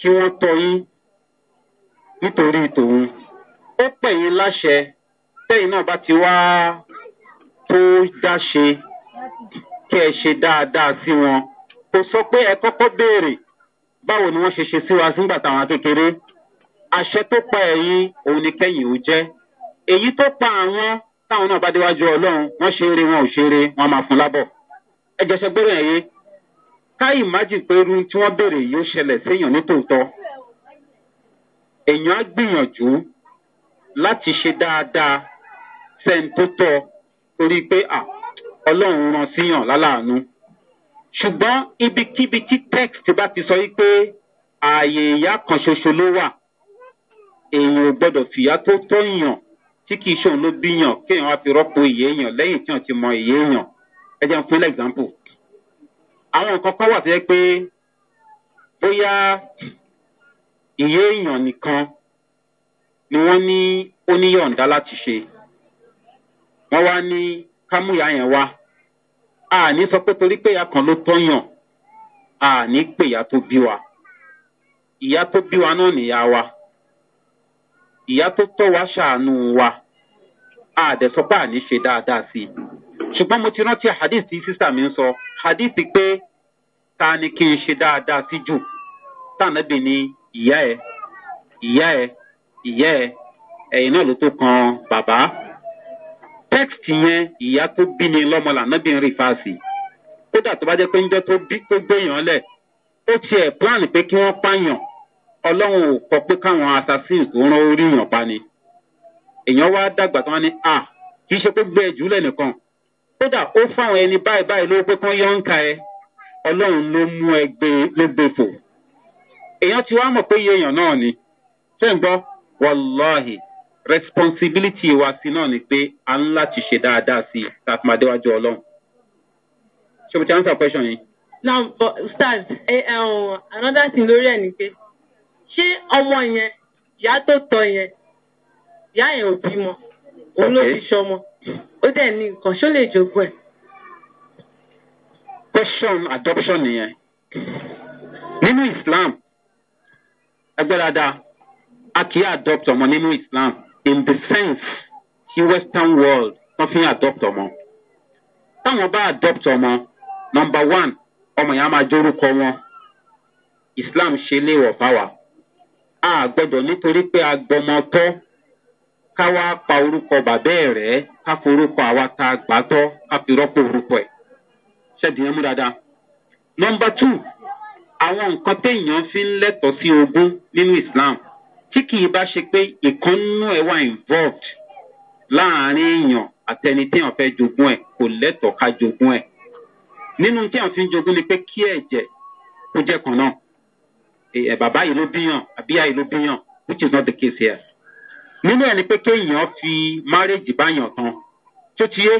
kí wọ́n tọ́ yín nítorí tòun ó pè yín láṣẹ tẹ́yìn náà bá ti wá tó dáṣe kí ẹ ṣe dáadáa sí wọn kò sọ pé ẹ kọ́kọ́ béèrè báwo ni wọ́n ṣe ṣe sí wa sígbà táwọn kékeré àṣẹ tó pa ẹ̀yìn òun ni kẹ́yìn ò jẹ́ èyí tó pa àwọn táwọn náà bá déwájú ọlọ́run wọ́n ṣe eré wọn ò ṣe wọn máa fún lábọ̀ ẹ jẹ́ sẹ́gbẹ́rẹ́ yẹn ká ìmájì pé irú tí wọ́n béèrè yìí ó ṣẹlẹ̀ séèyàn nítòótọ́ èèyàn á gbìyànjú láti ṣe dáadáa sẹ́ni tó tọ́ torí pé à ọlọ́run ran síyàn láláàánú ṣùgbọ́n ibikíbi tí text bá ti sọ wípé ààyè ìyá kan ṣoṣo ló wà èèyàn ò gbọ́dọ̀ fìyà tó tọ́ yàn tí kì í ṣòun ló bí yàn kéèyàn á fi rọ́pò ìyé yàn lẹ́yìn tí wọ́n ti mọ ìyé yàn ẹ jẹun fún example àwọn nǹkan kan wà tó yẹ pé bóyá ìyé èèyàn nìkan ni wọ́n ní oníyọ̀ǹda láti ṣe wọ́n wá ní kámúyà yẹn wá a ní sọ pé torí pé ìyá kan ló tọ́yàn a ní pè ìyá tó bí wa ìyá tó bí wa náà nìyá wa ìyá tó tọ́ wa ṣàánú wa a dẹ̀ sọ pé àní ṣe dáadáa sí i ṣùgbọ́n mo ti rántí hadith tí sísà mi ń sọ hadith pé ta ni kí n ṣe dáadáa sí jù tànàbì ni ìyá ẹ ìyá ẹ ìyá ẹ ẹ̀yìn náà ló tó kan bàbá text yẹn ìyá tó bí ni lọ́mọ lànàbì ń rí fáàsì kódà tó bá jẹ́ pé níjọ́ tó bí tó gbéyàn lẹ̀ ó tiẹ̀ plan pé kí wọ́n pààyàn ọlọ́run ò kọ pé káwọn assassins tó rán orí yàn pa ni èèyàn wá dàgbà tán ni a kì í ṣe pé gbé ẹjù lẹ́nìkan kódà ó fáwọn ẹni báyìí báyìí ló pé kán yọǹkà ẹ ọlọ́run ló mú ẹ gbé ló gbé fò èèyàn ti wá mọ̀ pé iye èèyàn náà ni ṣé ń gbọ́ wàláhì responsibility wa sí náà ni pé a ń láti ṣe dáadáa sí i láti máa déwájú ọlọ́run ṣé mo ti answer question yìí. now but stars eh, eh, oh, another thing lórí ẹ ni pé ṣé ọmọ yẹn ìyá tó tọ yẹn ìyá yẹn ò bímọ òun ló fi ṣọmọ ó dẹ̀ ní nǹkan ṣó lè jogún ẹ̀. question adoption nìyẹn nínú islam ẹgbẹ́ dáadáa a kì í adopt ọmọ nínú islam in the sense ti western world wọ́n fi ń adopt ọmọ táwọn bá adopt ọmọ number one ọmọ yẹn á máa jórúkọ wọn islam ṣe léèwọ̀ fáwa a gbọ́dọ̀ nítorí pé a gbọmọ tọ́ ká wá pa orúkọ bàbá ẹ̀ rẹ̀ ká forúkọ àwa ta gbàtọ́ ká fi rọ́pò orúkọ ẹ̀ ṣẹ́dìyẹn mú dáadáa. nọmba tù àwọn nǹkan téèyàn fi ń lẹ́tọ̀ọ́ sí ogún nínú islam tí kì í bá ṣe pé ìkànnú ẹ̀ wà involved láàrin èèyàn àtẹni téèyàn fẹ́ jogún ẹ̀ kò lẹ́tọ̀ọ́ ká jogún ẹ̀ nínú téèyàn fi ń jogún ni pé kí ẹ̀jẹ̀ kó jẹ́ kan náà bàbá yìí ló bíyàn àbíyá yìí ló bíyàn which is not the case here nínú ẹ̀ ni pé kéèyàn fi márèèjì báyàn tán tó ti yé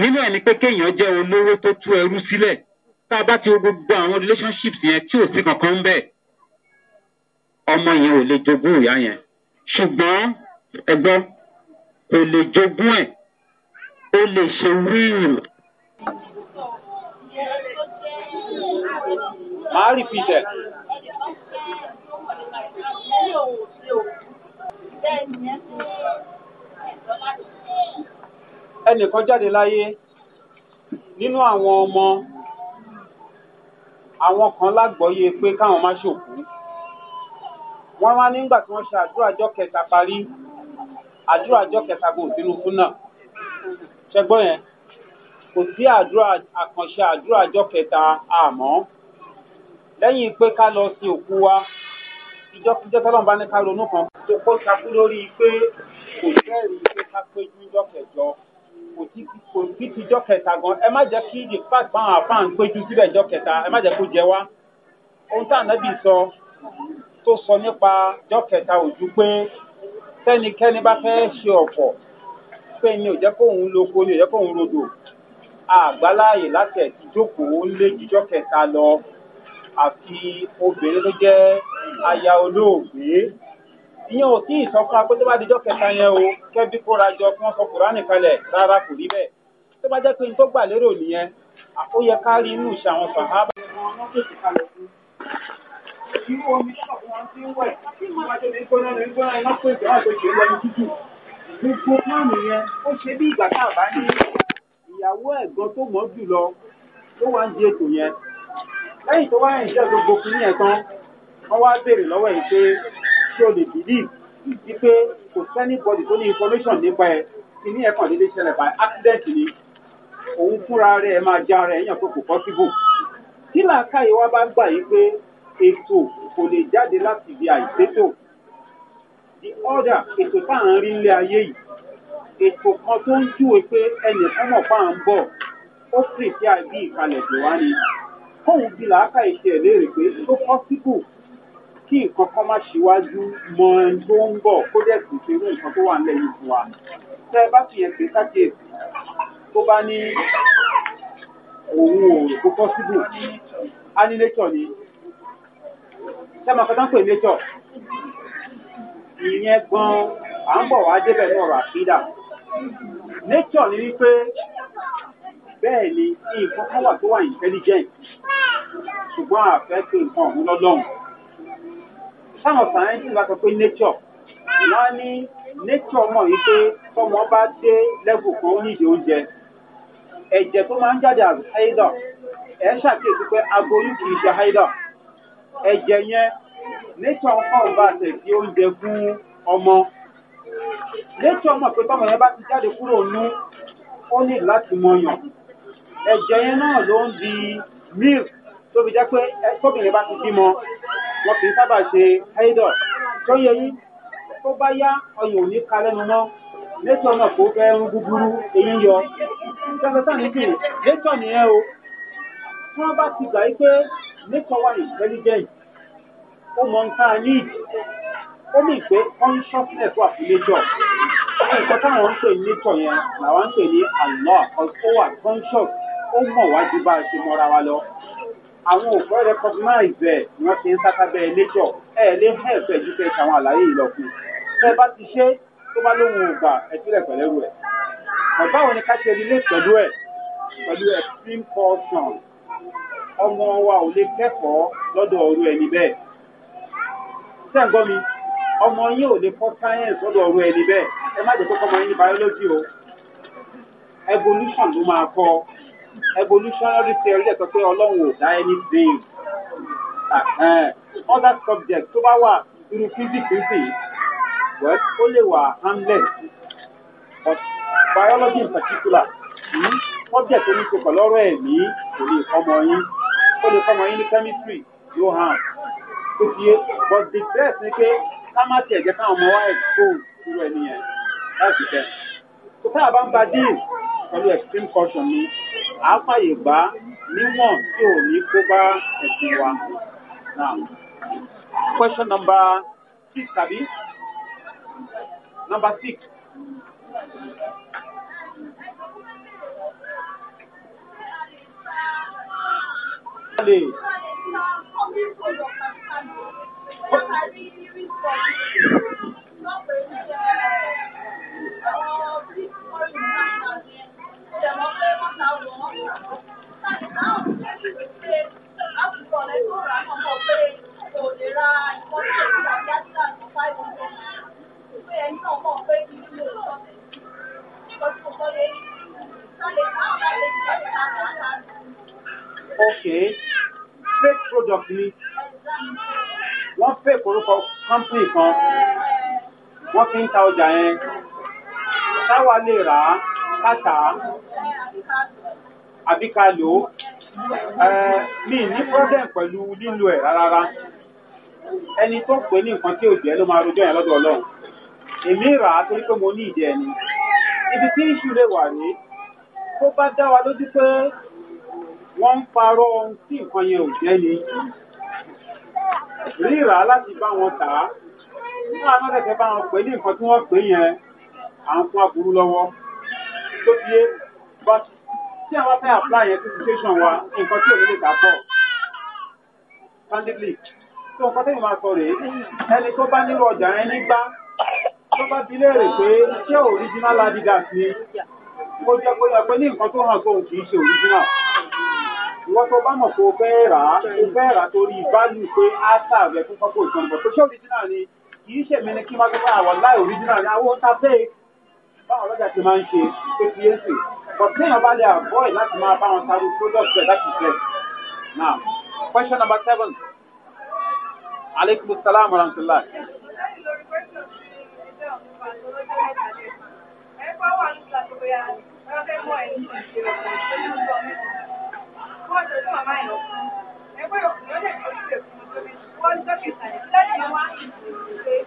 nínú ẹ̀ ni pé kéèyàn jẹ́ olówó tó tú ẹrú sílẹ̀ tá a bá ti wo gbogbo àwọn relationships yẹn tí ò sí kankan ń bẹ̀ ọmọ yẹn ò lè jogún ìyá yẹn ṣùgbọ́n ẹgbọ́n kò lè jogún ẹ̀ ó lè ṣe wíìlì. màá rìpítẹ̀ ẹnìkan jáde láyé nínú àwọn ọmọ àwọn kan lágbọ́yé pé káwọn má ṣòkú wọ́n wá nígbà tí wọ́n ṣe àdúrà ọjọ́ kẹta parí àdúrà ọjọ́ kẹta kò sínú fúnà ṣẹgbọ́n yẹn kò sí àdúrà àkànṣe àdúrà ọjọ́ kẹta àmọ́ lẹ́yìn pé ká lọ sin òkú wa ìjọkíjọ tọ́lọ́n bá ní ká ronú kan tó kó takú lórí pé kò fẹ́ẹ̀rí pé ká péjú ìjọ kẹjọ kò sí ti ìjọ kẹta gan ẹ má jẹ́ kí the fact báwọn àfáà ń péjú síbẹ̀ ìjọ kẹta ẹ má jẹ́ kó jẹ wá ohun tí ànábì sọ tó sọ nípa ìjọ kẹta ò ju pé tẹ́nikẹ́ni bá fẹ́ ṣe ọ̀pọ̀ pé ni ò jẹ́ kóun loko ni ò jẹ́ kóun rodò àgbáláyè láti ẹ̀ ti jókòó lé jíjọ́ kẹta lọ àfi obìnrin tó jẹ́ aya olóògbé ìyẹn ò tí ì sọ fún akótó bá dijọ́ kẹta yẹn o kẹ́bí kóra jọ kí wọ́n sọ kùránì kalẹ̀ rárá kò rí bẹ́ẹ̀ tó bá jẹ́ pé n tó gbà lérò nìyẹn ó yẹ ká rí inú ìṣe àwọn sàhábà. irú omi tó kọ̀ fún wọn tí ń wẹ̀ kí wọ́n bá tẹ̀lé gbóná ní gbóná iná pé ìgbà wọn kò ṣe é lọ ní tútù. gbogbo fáàmù yẹn ó ṣe bí ìgbà tá a bá ní ìyàwó ẹ̀gbọ́n tó mọ̀ jùlọ ló wá ń di ètò yẹn lẹ́yìn tó wá ìṣe gbogbo fún ní ẹ̀tàn wọ́n wá béèrè lọ́wọ́ ẹ̀ pé ṣé o lè believe wípé kò sẹ́ni bọ́dì tó ní information nípa ẹ̀ kí ní ẹ̀kan lílé ṣẹlẹ̀ by accident ni òun fúnra rẹ̀ ẹ̀ máa já ara ẹ̀ yàn pé kò possible tí làákàyè wa bá gbà yí pé ètò kò lè jáde láti ibi àìsétò the order ètò tá à ń rí nílé ayé yìí ètò kan tó ń júwe pé ẹnìkan mọ̀ fáà ń bọ̀ ó sì fi àìbí ìkalẹ̀ dè wá ni kóun bí làákà ìṣe ẹ̀ léèrè pé tó pọ́síbù kí nǹkan kan má ṣíwájú mọ ẹni tó ń bọ̀ kó dẹ̀ sì ṣe irú nǹkan tó wà ń lẹ́yìn fún wa. tẹ́ ẹ bá fi yẹn pé kájíyèsí tó bá ní òun ò tó pọ́síbù á ní nature ni. tẹ́ máa fẹ́tán pè nature ìyẹn gan à ń bọ̀ wá débẹ̀ náà rà sídà. nature ni wípé bẹ́ẹ̀ ni nǹkan kan wà tó wà intelligent ṣùgbọ́n àfẹ́ pé nǹkan ọ̀hún lọ́lọ́run. sáwọn sáyẹ́ńtì bá sọ pé nature wọ́n á ní nature mọ̀ yìí pé tọmọ bá dé lẹ́bù kan ó nídìí oúnjẹ ẹ̀jẹ̀ tó máa ń jáde àbí haidọ̀ ẹ̀ ṣàkíyèsí pé agoyún kì í ṣe haidọ̀ ẹ̀jẹ̀ yẹn nature ń kọ́ ọ̀bá àtẹ̀ sí oúnjẹ fún ọmọ nature mọ̀ pé tọmọ yẹn bá ti jáde kúrò nú ó ní láti mọyàn ẹ̀jẹ̀ yẹn náà ló ń di milk tóbi jẹ́ pé tóbìnrin bá ti bímọ wọn kì í sábà ṣe haidọ̀ tó yẹ yín tó bá yá ọyàn ò ní ka lẹ́nu mọ́ létọ̀ náà kò fẹ́ ń gúgúrú èyí yọ sẹ́sẹ́sẹ́ níbi létọ̀ nìyẹn o tí wọ́n bá ti gbà yí pé létọ̀ wà intelligent ó mọ nǹkan ní ó mì pé consciousness wà fún létọ̀ nǹkan táwọn ń pè ní létọ̀ yẹn làwọn ń pè ní àlọ́ ó wà conscious ó mọ̀ wájú bá a ṣe mọ́ra wa lọ àwọn òfin recognize ẹ̀ ni wọ́n ṣe ń sátábẹ́ nature ẹ̀ lé help ẹ̀ ju kẹ́ ṣe àwọn àlàyé yìí lọ fún un tẹ́ ẹ bá ti ṣe tó bá lóhun ògbà ẹ̀ sílẹ̀ pẹ̀lẹ́rù ẹ̀ báwo ni ká ṣe relate pẹ̀lú ẹ̀ pẹ̀lú extreme caution ọmọ wa ò lè kẹ́kọ̀ọ́ lọ́dọ̀ ọ̀rú ẹni bẹ́ẹ̀ sẹ́ǹgọ́ mi ọmọ yín ò lè kọ́ science lọ́dọ̀ ọ̀rú ẹni bẹ́ẹ̀ ẹ má jẹ́ pé kọ́mọ yín ní biology o evolution ló máa kọ́ ọ evolutionary theory ẹ̀ sọ pé ọlọ́run ò dá ẹni bẹ́ẹ̀ other subject tó bá wà irú physics ń sìn well ó lè wà hamlet but biology in particular hmm, subject tó ní ṣe pẹ̀lú ọ̀rọ̀ ẹ̀mí kò lè kọ́mọ yín ó lè kọ́mọ yín ní chemistry no harm tó fi yé but the best ni pé ká má tiẹ̀ jẹ́ káwọn ọmọ wa expose irú ẹni yẹn láti tẹ̀. tó sábà bá ń ba díì pẹ̀lú extreme caution ni á fàyè gbà níwọ̀n tí ò ní kó bá ẹ̀sìn wa. question number six tàbí number six. Allez dẹ̀ fake product ni wọ́n fake orúkọ company kan wọ́n fi ń ta ọjà yẹn táwa lè rà á ká tà á àbí ká lò ó mi ní problem pẹ̀lú lílo ẹ̀ rárá ẹni tó pè ní nǹkan tí ò jẹ́ ló máa rojọ́ yẹn lọ́dọ̀ ọlọ́run èmi rà á torí pé mo ní ìdí ẹni ibi tí ìṣù lè wà rèé tó bá dá wa lójú pé wọ́n ń parọ́ ohun tí nǹkan yẹn ò jẹ́ ni rírà láti bá wọn tà á nígbà náà lẹ́sẹ̀ bá wọn pè ní nǹkan tí wọ́n pè yẹn à ń fún aburú lọ́wọ́ tó fi yé but tí àwọn fẹ́ apply yẹn sí situation wa nǹkan tí òun lè gbà pọ̀ candidly tó nǹkan tẹ́yìn máa sọ rèé ẹni tó bá nílò ọjà yẹn nígbà tó bá bi léèrè pé ṣé original adidas ni mo jẹ́ pé ẹ pé ní nǹkan tó hàn sóhun kì í ṣe original ìwọ́n tó bá mọ̀ pé o fẹ́ rà á o fẹ́ rà á torí value pé á tà rẹ̀ fún pọ́pọ́ ìtàn bọ̀ tó ṣé original ni kì í ṣèmi ni kí n máa gbé fún àwọn láì original ni àwọn ó ta fake báwọn ọlọ́jà ti máa ń ṣe ìpèsè but téèyàn bá lè avoid láti máa bá wọn sáré product rẹ̀ láti jẹ́ now question number seven aleykum salaam wa Thank you.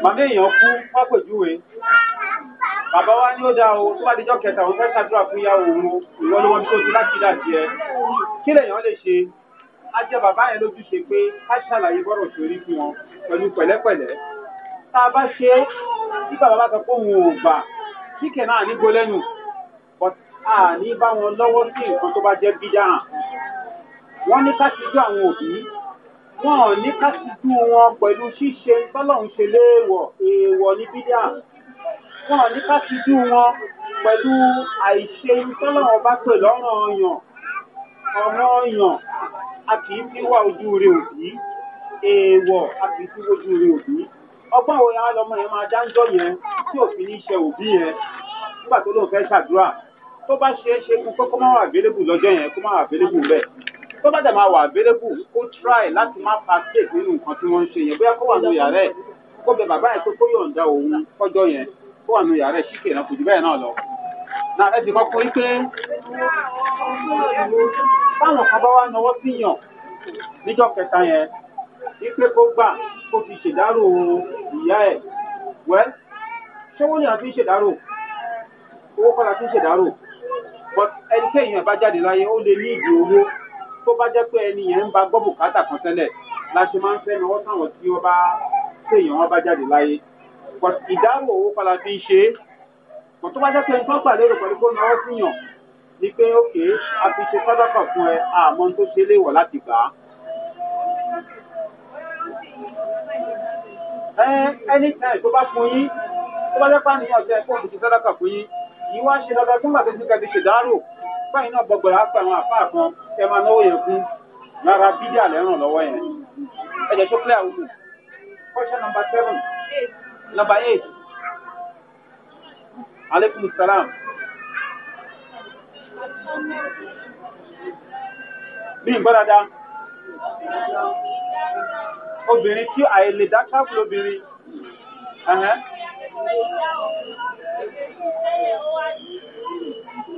màmí èèyàn kú wọn pèjúwe bàbá wa ni ó dáa o tó bá dijọ́ kẹta òun fẹ́ ṣàdúrà fún ìyá òun o ìwọ ló wọn tó ti láti dà sí ẹ kí lèèyàn lè ṣe á jẹ bàbá yẹn lójúṣe pé á ṣàlàyé bọ́rọ̀ sórí fún wọn pẹ̀lú pẹ̀lẹ́pẹ̀lẹ́ tá a bá ṣe tí bàbá bá sọ pé òun ò gbà kíkẹ̀ náà ní gbólẹ́nu but a ní bá wọn lọ́wọ́ sí nǹkan tó bá jẹ́ bídà wọ́n ní ká ti jó àwọn òbí wọn ò ní ká tijú wọn pẹ̀lú ṣíṣe tọ́lọ́hún ṣe léèwọ̀ èèwọ̀ ní bídà wọn ò ní ká tijú wọn pẹ̀lú àìṣe tọ́lọ́hún bá pè lọ́rùn ọyàn ọ̀rọ̀ ọyàn a kì í fi wá ojú rẹ òbí èèwọ̀ a kì í fi wá ojú rẹ òbí ọgbọ́n òwe àwọn ọmọ yẹn máa dáńjọ́ yẹn tí òfin ní ṣe òbí yẹn nígbà tó lóun fẹ́ ṣàdúrà tó bá ṣeé ṣe kó kó má wà available lọ́jọ́ yẹn kó má wà available bẹ́ẹ̀ tó bá dẹ̀ máa wà available kó try láti má partake nínú nǹkan tí wọ́n ń ṣe yẹn bóyá kó wà nù yàrá ẹ̀ kó bẹ bàbá yẹn tó kó yọ̀ǹda òun kọjọ yẹn kó wà nù yàrá ẹ̀ ṣíkè náà kò jù bẹ́ẹ̀ náà lọ. na ẹ ti kọ́ pé pé táwọn kan bá wá náwó sí yàn níjọ́ kẹta yẹn ipe kó gbà kó fi ṣèdárò ìyá ẹ̀ wẹ́ ṣówó ni a fi ń ṣèdárò owó kọ́la fi ń ṣèdárò but ẹnikẹ́yìn ẹ̀ bá jáde láyé ó lè ní ìdí owó tó bá jẹ́ pé ẹni yẹn ń ba gbọ́ bùkátà kan tẹ́lẹ̀ la ṣe máa ń fẹ́ náwó sáwọn tí wọ́n bá ṣèyàn wọn bá jáde láyé ìdáàbò owó padà fi ń ṣe é kò tó bá jẹ́ pé nǹkan gbà lérò pẹ̀lú kó náwó síyàn ni pé òkè a fi ṣe sádàkà fún ẹ àmọ́ tó ṣe léèwọ̀ láti gbà á. ẹni táì tó bá fún yín tó bá jẹ́ pé àníyàn ọ̀sẹ̀ kó fi ṣe sádàkà fún yín ìwọ àṣẹ báyìí náà bọ̀gbọ̀rọ̀ á pa àwọn àfáà kan ẹ máa náwó yẹn bídíà lẹ́ràn lọ́wọ́ yẹn ẹ jẹ́ tó clear awúgbò nọmba number seven eight salaam. bí obìnrin tí àìlè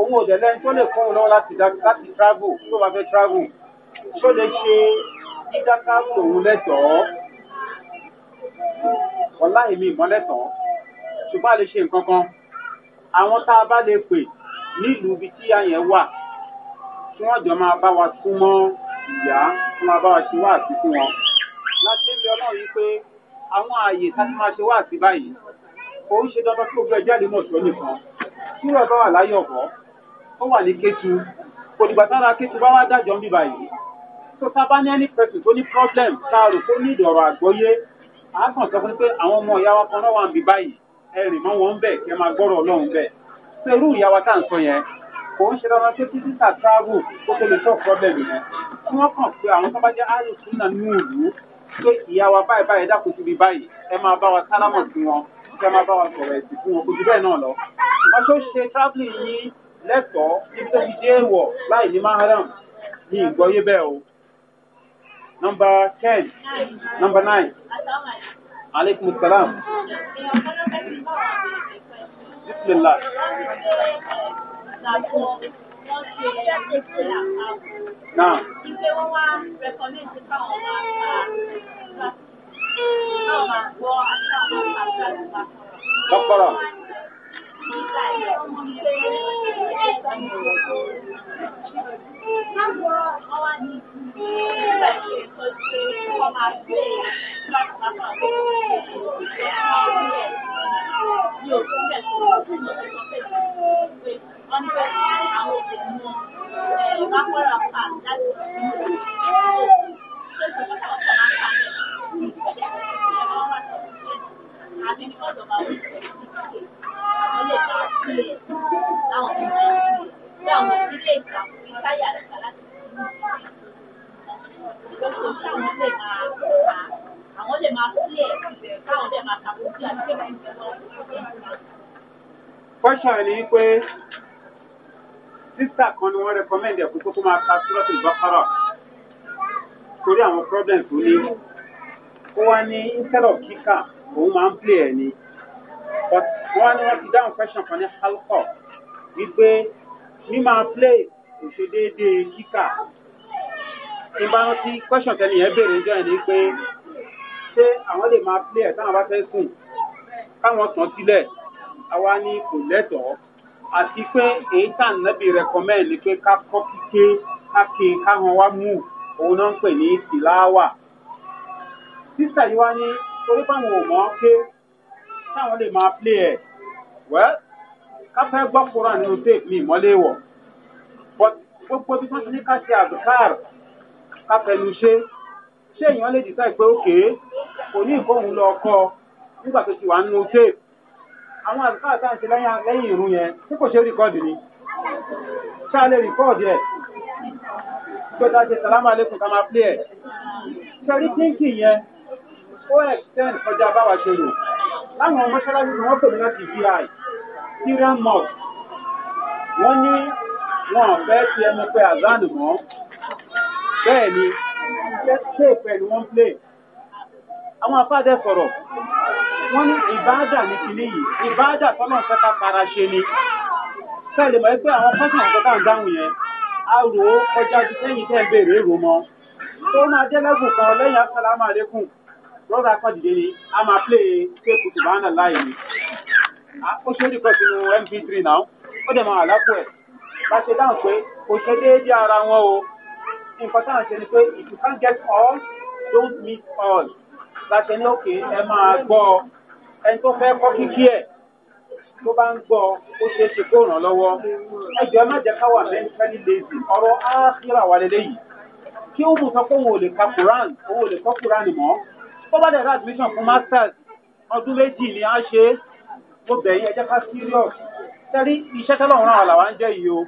òun ò dẹ̀lẹ́ tó lè fún un náà láti láti travel tó bá fẹ́ travel tó lè ṣe dídáká òun lẹ́tọ̀ọ́ ọ̀la èmi ìmọ̀lẹ́tọ̀ọ́ ṣùgbọ́n a lè ṣe nǹkan kan àwọn tá a bá lè pè nílùú ibi tí àyẹ̀ wà kí wọ́n jọ máa bá wa súnmọ́ ìyá kí wọ́n bá wa ṣe wá àti fún wọn láti ń bẹ ọlọ́run yìí pé àwọn ààyè táti máa ṣe wá àti báyìí kò ṣe dandan kí gbogbo ẹjọ́ àdìmọ̀ tó nìkan kí wọ́n bá wà láyọ̀ bọ́ ó wà ní kétu kò dìgbà tára kétu bá wá dájọ́ ń bí báyìí tó tá a bá ní ẹni pẹ̀sìn tó ní problem tá a rò kó ní ìdọ̀rọ̀ àgbọ́yé a kàn sọ fún pé àwọn ọmọ ìyá wa kan náà wà ń bí báyìí ẹ rìn mọ́ wọn bẹ́ẹ̀ kẹ́ máa gbọ́rọ̀ ọlọ́run bẹ́ẹ̀ pé irú ìyá wa tá à ń sọ yẹn kò ń ṣe rárá pé títí tà táàbù kó tó lè sọ problem yẹn tí wọ́n kàn pé àwọn tó bá jẹ́ àrùn tún náà ní ìlú pé ìyá wa báyìí báyìí dákun síbi báyìí ẹ máa lẹ́tọ̀ọ́ níbi tó ti dé wọ̀ láì ní maharam ní ìgbọ́yé bẹ́ẹ̀ o. nọmba ten nọmba nine aleykum salaam bisimilah. Náà. Ìgbé wọn wá rẹ̀kọ́mẹ́ntì báwọn máa ń bá a. Báwọn máa àti ní àwọn lè máa fi ẹ̀sùn láwọn tó máa ń fi sí àwọn ilé ìtàkùn ní káyà àgbà láti fi ní ìgbésẹ̀ ìgbésẹ̀ àwọn lè máa ta àwọn lè máa sí ẹ̀sùn káwọn lè máa tàbí sí àti pé kí wọ́n Question ni pé sísà kan ni wọ́n recommend ẹ̀ kókó kó máa ta Súrọ́tì Bákárà torí àwọn problems tó ní. Ó wá ní instead of kíkà, òun máa ń play ẹ̀ ni but wọ́n ní wọ́n ti dáhùn question kan ní halkọ́ wípé mímọ play kò ṣe déédéé kíkà ìbánu tí question tẹ́lẹ̀ yẹn béèrè jọ ẹ̀ ni pé ṣé àwọn lè máa play ẹ̀ táwọn bá fẹ́ sùn káwọn tàn sílẹ̀ àwa ni kò lẹ́tọ̀ọ́ àti pé èyí tà nẹ́bí recommend ni pé ká kọ́ kíké ká ké káwọn wá mú òun náà ń pè ní tìláwà sísà yìí wá ní torí báwọn ò mọ̀ ọ́ pé táwọn lè máa play ẹ̀ well ká fẹ́ gbọ́ kúrò nínú tape mi ìmọ́lé wọ̀ but gbogbo bí wọ́n ti ní ká ṣe àdùkárù ká fẹnu ṣe ṣé èèyàn lè dìtà pé òkè kò ní ìkóhun lọ kọ nígbà tó ti wà nínú tape àwọn àdùkárù tá à ń ṣe lẹ́yìn ìrún yẹn tí kò ṣe rìkọ́ọ̀dù ni ṣáà lè rìkọ́ọ̀dù ẹ̀ pé ká ṣe sàlámù alẹ́kùn ká máa play ẹ̀ ṣe rí kíńkì yẹn ó extend kọjá báwa ṣe rò láwọn mọ́ṣáláṣí tí wọ́n pè mí láti fi àì syrian mosque wọ́n ní wọn ò fẹ́ ti ẹnu pé azan mọ́ bẹ́ẹ̀ ni iṣẹ́ téèpẹ̀ ni wọ́n ń play àwọn afáàdẹ sọ̀rọ̀ wọ́n ní ìbáàdà ní kinní yìí ìbáàdà tọ́nà fẹ́ta para ṣe ni fẹ́ẹ̀lẹ̀ mọ̀ pé àwọn fọ́sàn àkọ́kọ́ ń dáhùn yẹn a rò ó kọjá ju sẹ́yìn tẹ́ ń béèrè rò mọ́ tó máa jẹ́ lẹ́gùn kan lẹ́yìn asálámù àlékún brother akadide ni a máa play fake subahana line. ni ó ṣe é dìpẹ́ sínú mp3 náà ó dẹ̀ máa àlápò ẹ̀ bá ṣe dáhùn pé kò ṣe déédéé ara wọn o nǹkan táwọn ṣe ni pé if you can't get all don't meet all láti ní òkè ẹ máa gbọ́ ọ ẹni tó fẹ́ kọ́ kíkí ẹ̀ tó bá ń gbọ́ ọ ó ṣeé ṣe kó ràn lọ́wọ́ ẹjọ́ ẹ má jẹ́ ká wà mẹ́ńtẹ́lì lèzì ọ̀rọ̀ áhà síra wà lélẹ́yìí kí ó mú sọ pé òun ò lè ka quran òun ò lè kọ́ quran mọ́ tó bá dẹ̀ rà admission fún masters ọdún méjì ni a ṣe é mo bẹ̀ yí ẹjẹ́ ká serious tẹ́rí iṣẹ́ tẹ́lọ̀ ń ràn wà làwọn ń jẹ́ yìí o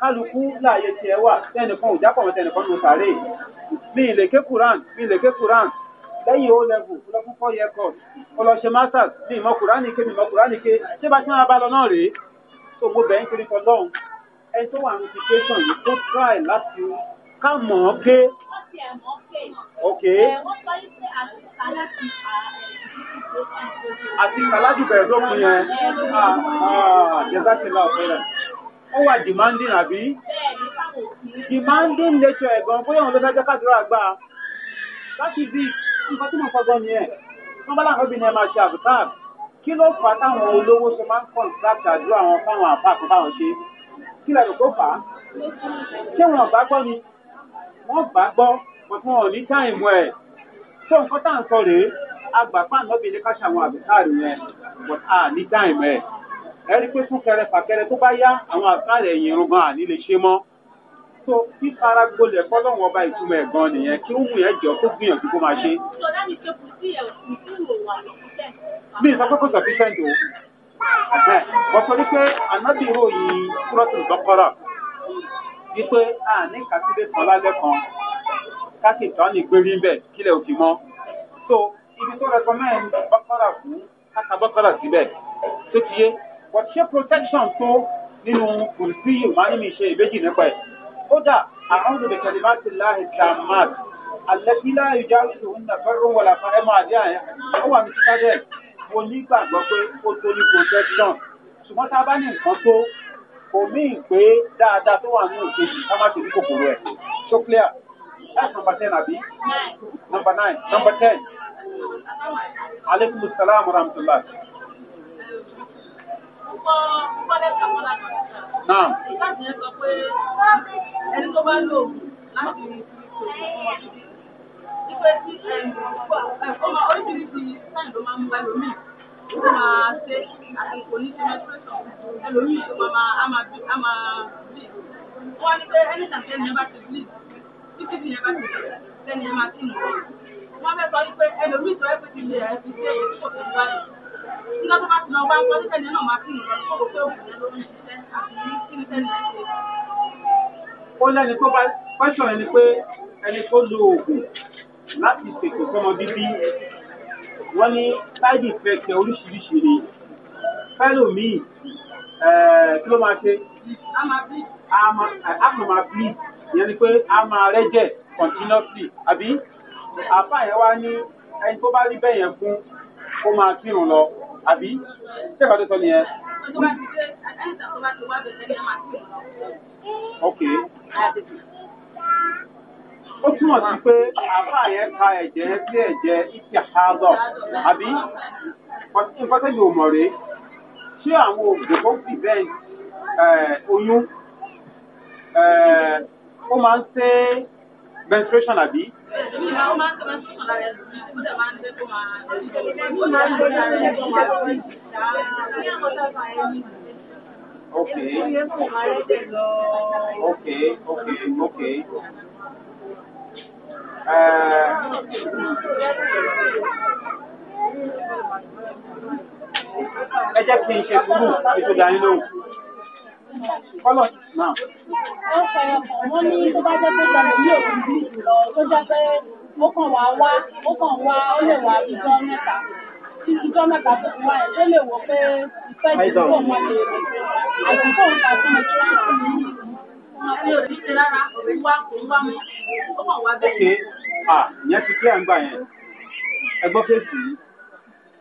kálukú láàyè tiẹ̀ wà tẹnìkan ò jápọ̀ mọ́ tẹnìkan ló sàárè mi ì lè ké quran mi ì lè ké quran lẹ́yìn o level lọ fún four year course mo lọ ṣe masters mi ì mọ quran ké mi ì mọ quran ké ṣé bá tí wọn bá lọ náà rèé tó mo bẹ̀ ń kiri kan lọ́hùn ẹni tó wà ní situation yìí tó try láti ká mọ̀ ọ́ ké. ok. àti kàlájú bẹ̀rẹ̀ lókun yẹn jẹ́sà ti la ọ̀fẹ́ rẹ̀. ó wà demanding àbí. demanding nature ẹ̀gbọ́n bóyá òun ló fẹ́ jẹ́ kádùrá àgbà. láti bí nǹkan tí mo fọ́ gan ni ẹ̀ wọ́n bá láǹkọ́ bí ni ẹ máa ṣe àbùkáp kí ló fà táwọn olówó ṣe máa ń kọ̀ǹtàkì àdúrà àwọn fáwọn àbá àkọ́báwọn ṣe kí lẹ́nu kó fà á ṣé wọn bá ni wọ́n gbà gbọ́ pọ̀tún ọ̀ ní táìmù ẹ̀ tó nǹkan tá à ń sọ rèé agbàpá ànábì ní ká ṣàwọn àbíkáàrí yẹn but a ní táìmù ẹ̀ ẹ rí pé súnkẹrẹ fàkẹrẹ tó bá yá àwọn àbíkáàrí ẹ̀yìn irun gan àní lè ṣe mọ́ so fífara gbolẹ̀ fọlọ́wọ́n ọba ìtumọ̀ ẹ̀ gan nìyẹn kí ó mú yẹn jọ tó gbìyànjú kó máa ṣe. mi ìsọ pé kò sọ fífẹ́ ń do wọ́n sọ wípé ànábì ròyìn kúrọ́tù lọ́kọ́rọ̀ wípé a ní kásídé kan lálẹ́ kan káàkiri kan ní gbérí bẹ́ẹ̀ kílẹ̀ òfin mọ́. so ibi tó rẹkọmẹ́ǹd bọ́kọ́rà fún káka bọ́kọ́rà síbẹ̀ tó ti yé wọ́n ṣe protection tó nínú kùrìsì ìmọ̀ọ́nì mi ṣe ìbejì nípa ẹ̀. ó dà àwọn òdòdó kẹlẹ́mà ti láàyè tààmàt àlẹ́bí láàyè jáwé lòun nà fẹ́ rún wọlé fún ẹ̀mọ́ àdé àyẹ̀ ó wà ní sítájẹ́ mo nígbàgbọ́ pé ó tó ní protection ṣùgbọ́n tá a bá ní nǹkan tó kò mí pé dáadáa tó wà nínú ìkejì ká má tòbí kòkòrò ẹ̀ so clear that's number ten àbí number nine number ten aleykum salaam wa rahmatulah. Naam. Ẹni tó bá lò láti ìpè tí um, um, oríṣiríṣi sáyìn ló máa ń bá lómi ó máa ṣe àsìkò ní ṣe menstruation ẹlòmíì tó máa máa á máa bí á máa bí ó wá ní pé ẹni tàbí ẹni ẹ bá ti bí títí ti yẹn bá ti bẹ̀rẹ̀ lẹ́ni ẹ máa kí nù wọ́n fẹ́ sọ wípé ẹlòmíì tó ẹ fi ti lè ẹ fi ṣe èyí tí kò tó gbá yìí nígbà tó bá ti lọ wá ń gbọ́ ní tẹ̀lé náà máa kí nù lọ sí òwò pé òkùnrin lórí iṣẹ́ àti lẹ́ni tó bá pẹ́sọ̀ ẹni pé ẹni tó lo oògùn láti ṣètò sọ́mọ bíbí wọ́n ní side effect oríṣiríṣi ni fẹ́lòmíì kí ló máa ṣe a kò máa bí ìyẹn ni pé a máa rẹ́jẹ̀ continuously àbí àfa yẹn wá ní ẹni tó bá rí bẹ́ẹ̀ yẹn fún kó máa kírun lọ àbí ṣé ìkàtó sọ nìyẹn. ok ó túmọ̀ sí pé àbá yẹn ka ẹ̀jẹ̀ sí ẹ̀jẹ̀ ìfi àádọ́ àbí nǹkan tẹ́lẹ̀ ò mọ̀ rèé ṣé àwọn oògùn tó prevent eh, oyún eh, ó máa ń ṣe menstruation àbí. Okay. Okay. Okay. Okay ẹ jẹ́ kí n ṣe sùúrù ètò ìdáni lóhùn. Kọ́lọ̀ náà. Wọ́n sọ wọ́n ní tó bá jẹ́ pé tàbí yóò fi bí lọ tó jẹ́ pé ó kàn wá wá ó kàn wá ó lè wá ìjọ mẹ́ta ìjọ mẹ́ta tó wá ẹ̀ ó lè wò pé ìfẹ́ jù wọn lè àìsàn tó ń ta fún ẹjọ́ mi ò ní ṣe rárá kò ń wá kò ń wá mú ó mọ̀ wá bẹ́ẹ̀. ok ah ìyẹn ti clear ńgbà yẹn ẹ gbọ́ kéèsì yìí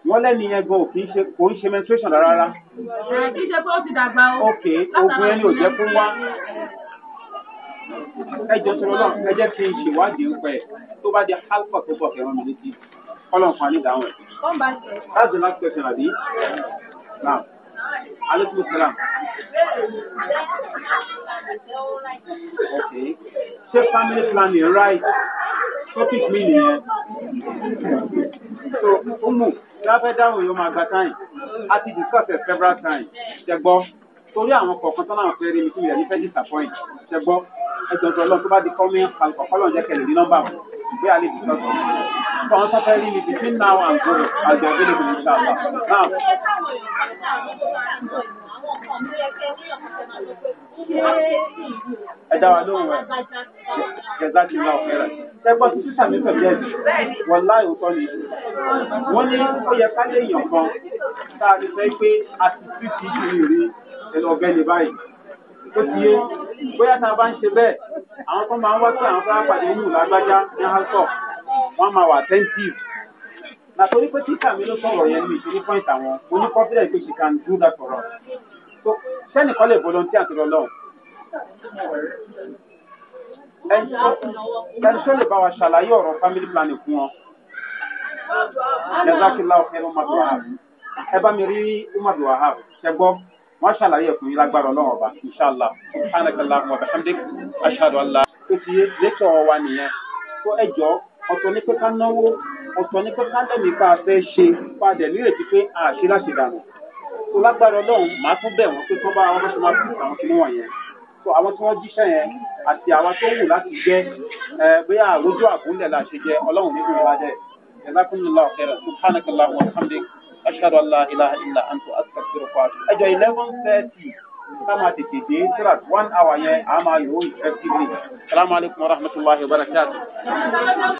wọ́n lẹ́nu yẹn gan kì í ṣe kò ń ṣe menstruation rárá. kì í ṣe pé ó ti dàgbà o. ok oògùn ẹni ò jẹ́ fún wá. ẹ jọ sọ̀rọ̀ náà ẹ jẹ́ kí n ṣèwádìí pẹ̀ tó bá di alpha tó bọ̀ kẹ́rọ mi létí ọlọ́run ní ìdáhùn ẹ̀. that's the last question àbí. now aleykum salam. okay ṣé family planning right topic mi nìyẹn so umu lábẹ́ dáhùn yóò máa gba time a ti discuss it several times ṣe gbọ́ torí àwọn kọ̀ọ̀kan tó náà fẹ́ rí mi kí mi rẹ̀ ní fẹ́ disappoint ṣe gbọ́ ẹ̀jọ̀jọ̀ lọ tó bá di kọ́mí àlùkò kọ́lọ̀ ń jẹ́ kẹlẹ̀ ní nọ́mbà wọn ìgbé àlejò sọ́tọ̀. Fọ́n sọ́fẹ́ rí ni between now and go as they are available in Ṣáàbà. Now. Ẹ dá wa lóhùn ẹ̀. Gẹ̀dá ti lọ ọ̀fẹ́rẹ̀. Ẹ gbọ́ sí sísà mi pẹ̀lú ẹ̀bí. Wọ́n láì òótọ́ ni. Wọ́n ní ó yẹ ká lè yàn kan. Tá a lè sọ pé a ti ó ti yé bóyá tá a bá ń ṣe bẹ́ẹ̀ àwọn kan máa ń wá pé àwọn fẹ́ pàdé ní ìlú agbájá ní hásọ̀ wọ́n máa wà attentive nàtòrí pé títà mi ló sọ̀rọ̀ yẹn ní ìṣòro point àwọn mo ní confidence pé she can do that for us so sẹ́nì kan lè volunteer àti lọ́lọ́ ẹni tó lè bá wa ṣàlàyé ọ̀rọ̀ family planning fún wọn jazakillah ọ̀fẹ́ ọmọdé wahab ẹ bá mi rí ọmọdé wahab ṣẹgbọ́n wọn ṣàlàyé ẹkùn yìí lágbára Ọlọ́run ọba inṣàlá ṣàlàkàlà ọmọ bàhámdé aṣáájú ọlá ó ti yé létò wa nìyẹn tó ẹjọ ọ̀tọ̀ ní pé ká náwó ọ̀tọ̀ ní pé ká lẹmìí ká fẹ́ ṣe padà nírètí pé àṣẹ láti dànù tó lágbára Ọlọ́run màá tún bẹ̀ wọ́n pé kí wọ́n bá wọn ṣe máa fi àwọn kí wọ́n yẹn tó àwọn tí wọ́n jíṣẹ́ yẹn àti àwọn tó wù láti jẹ́ ẹ bóyá àrójú àbúlẹ̀ la jẹ Ọlọ́run nínú ìwádẹ́ ẹ̀ lákùnrin lọ́ọ̀kẹ́rẹ̀ subhanakallah wa hamdi ashhadu an la ilaha illa anta astaghfiruka wa atubu ẹjọ eleven thirty ká máa tètè dé síra one hour yẹn àá máa lò ó effectively salamu alaykum wa rahmatulahi wa barakatuh.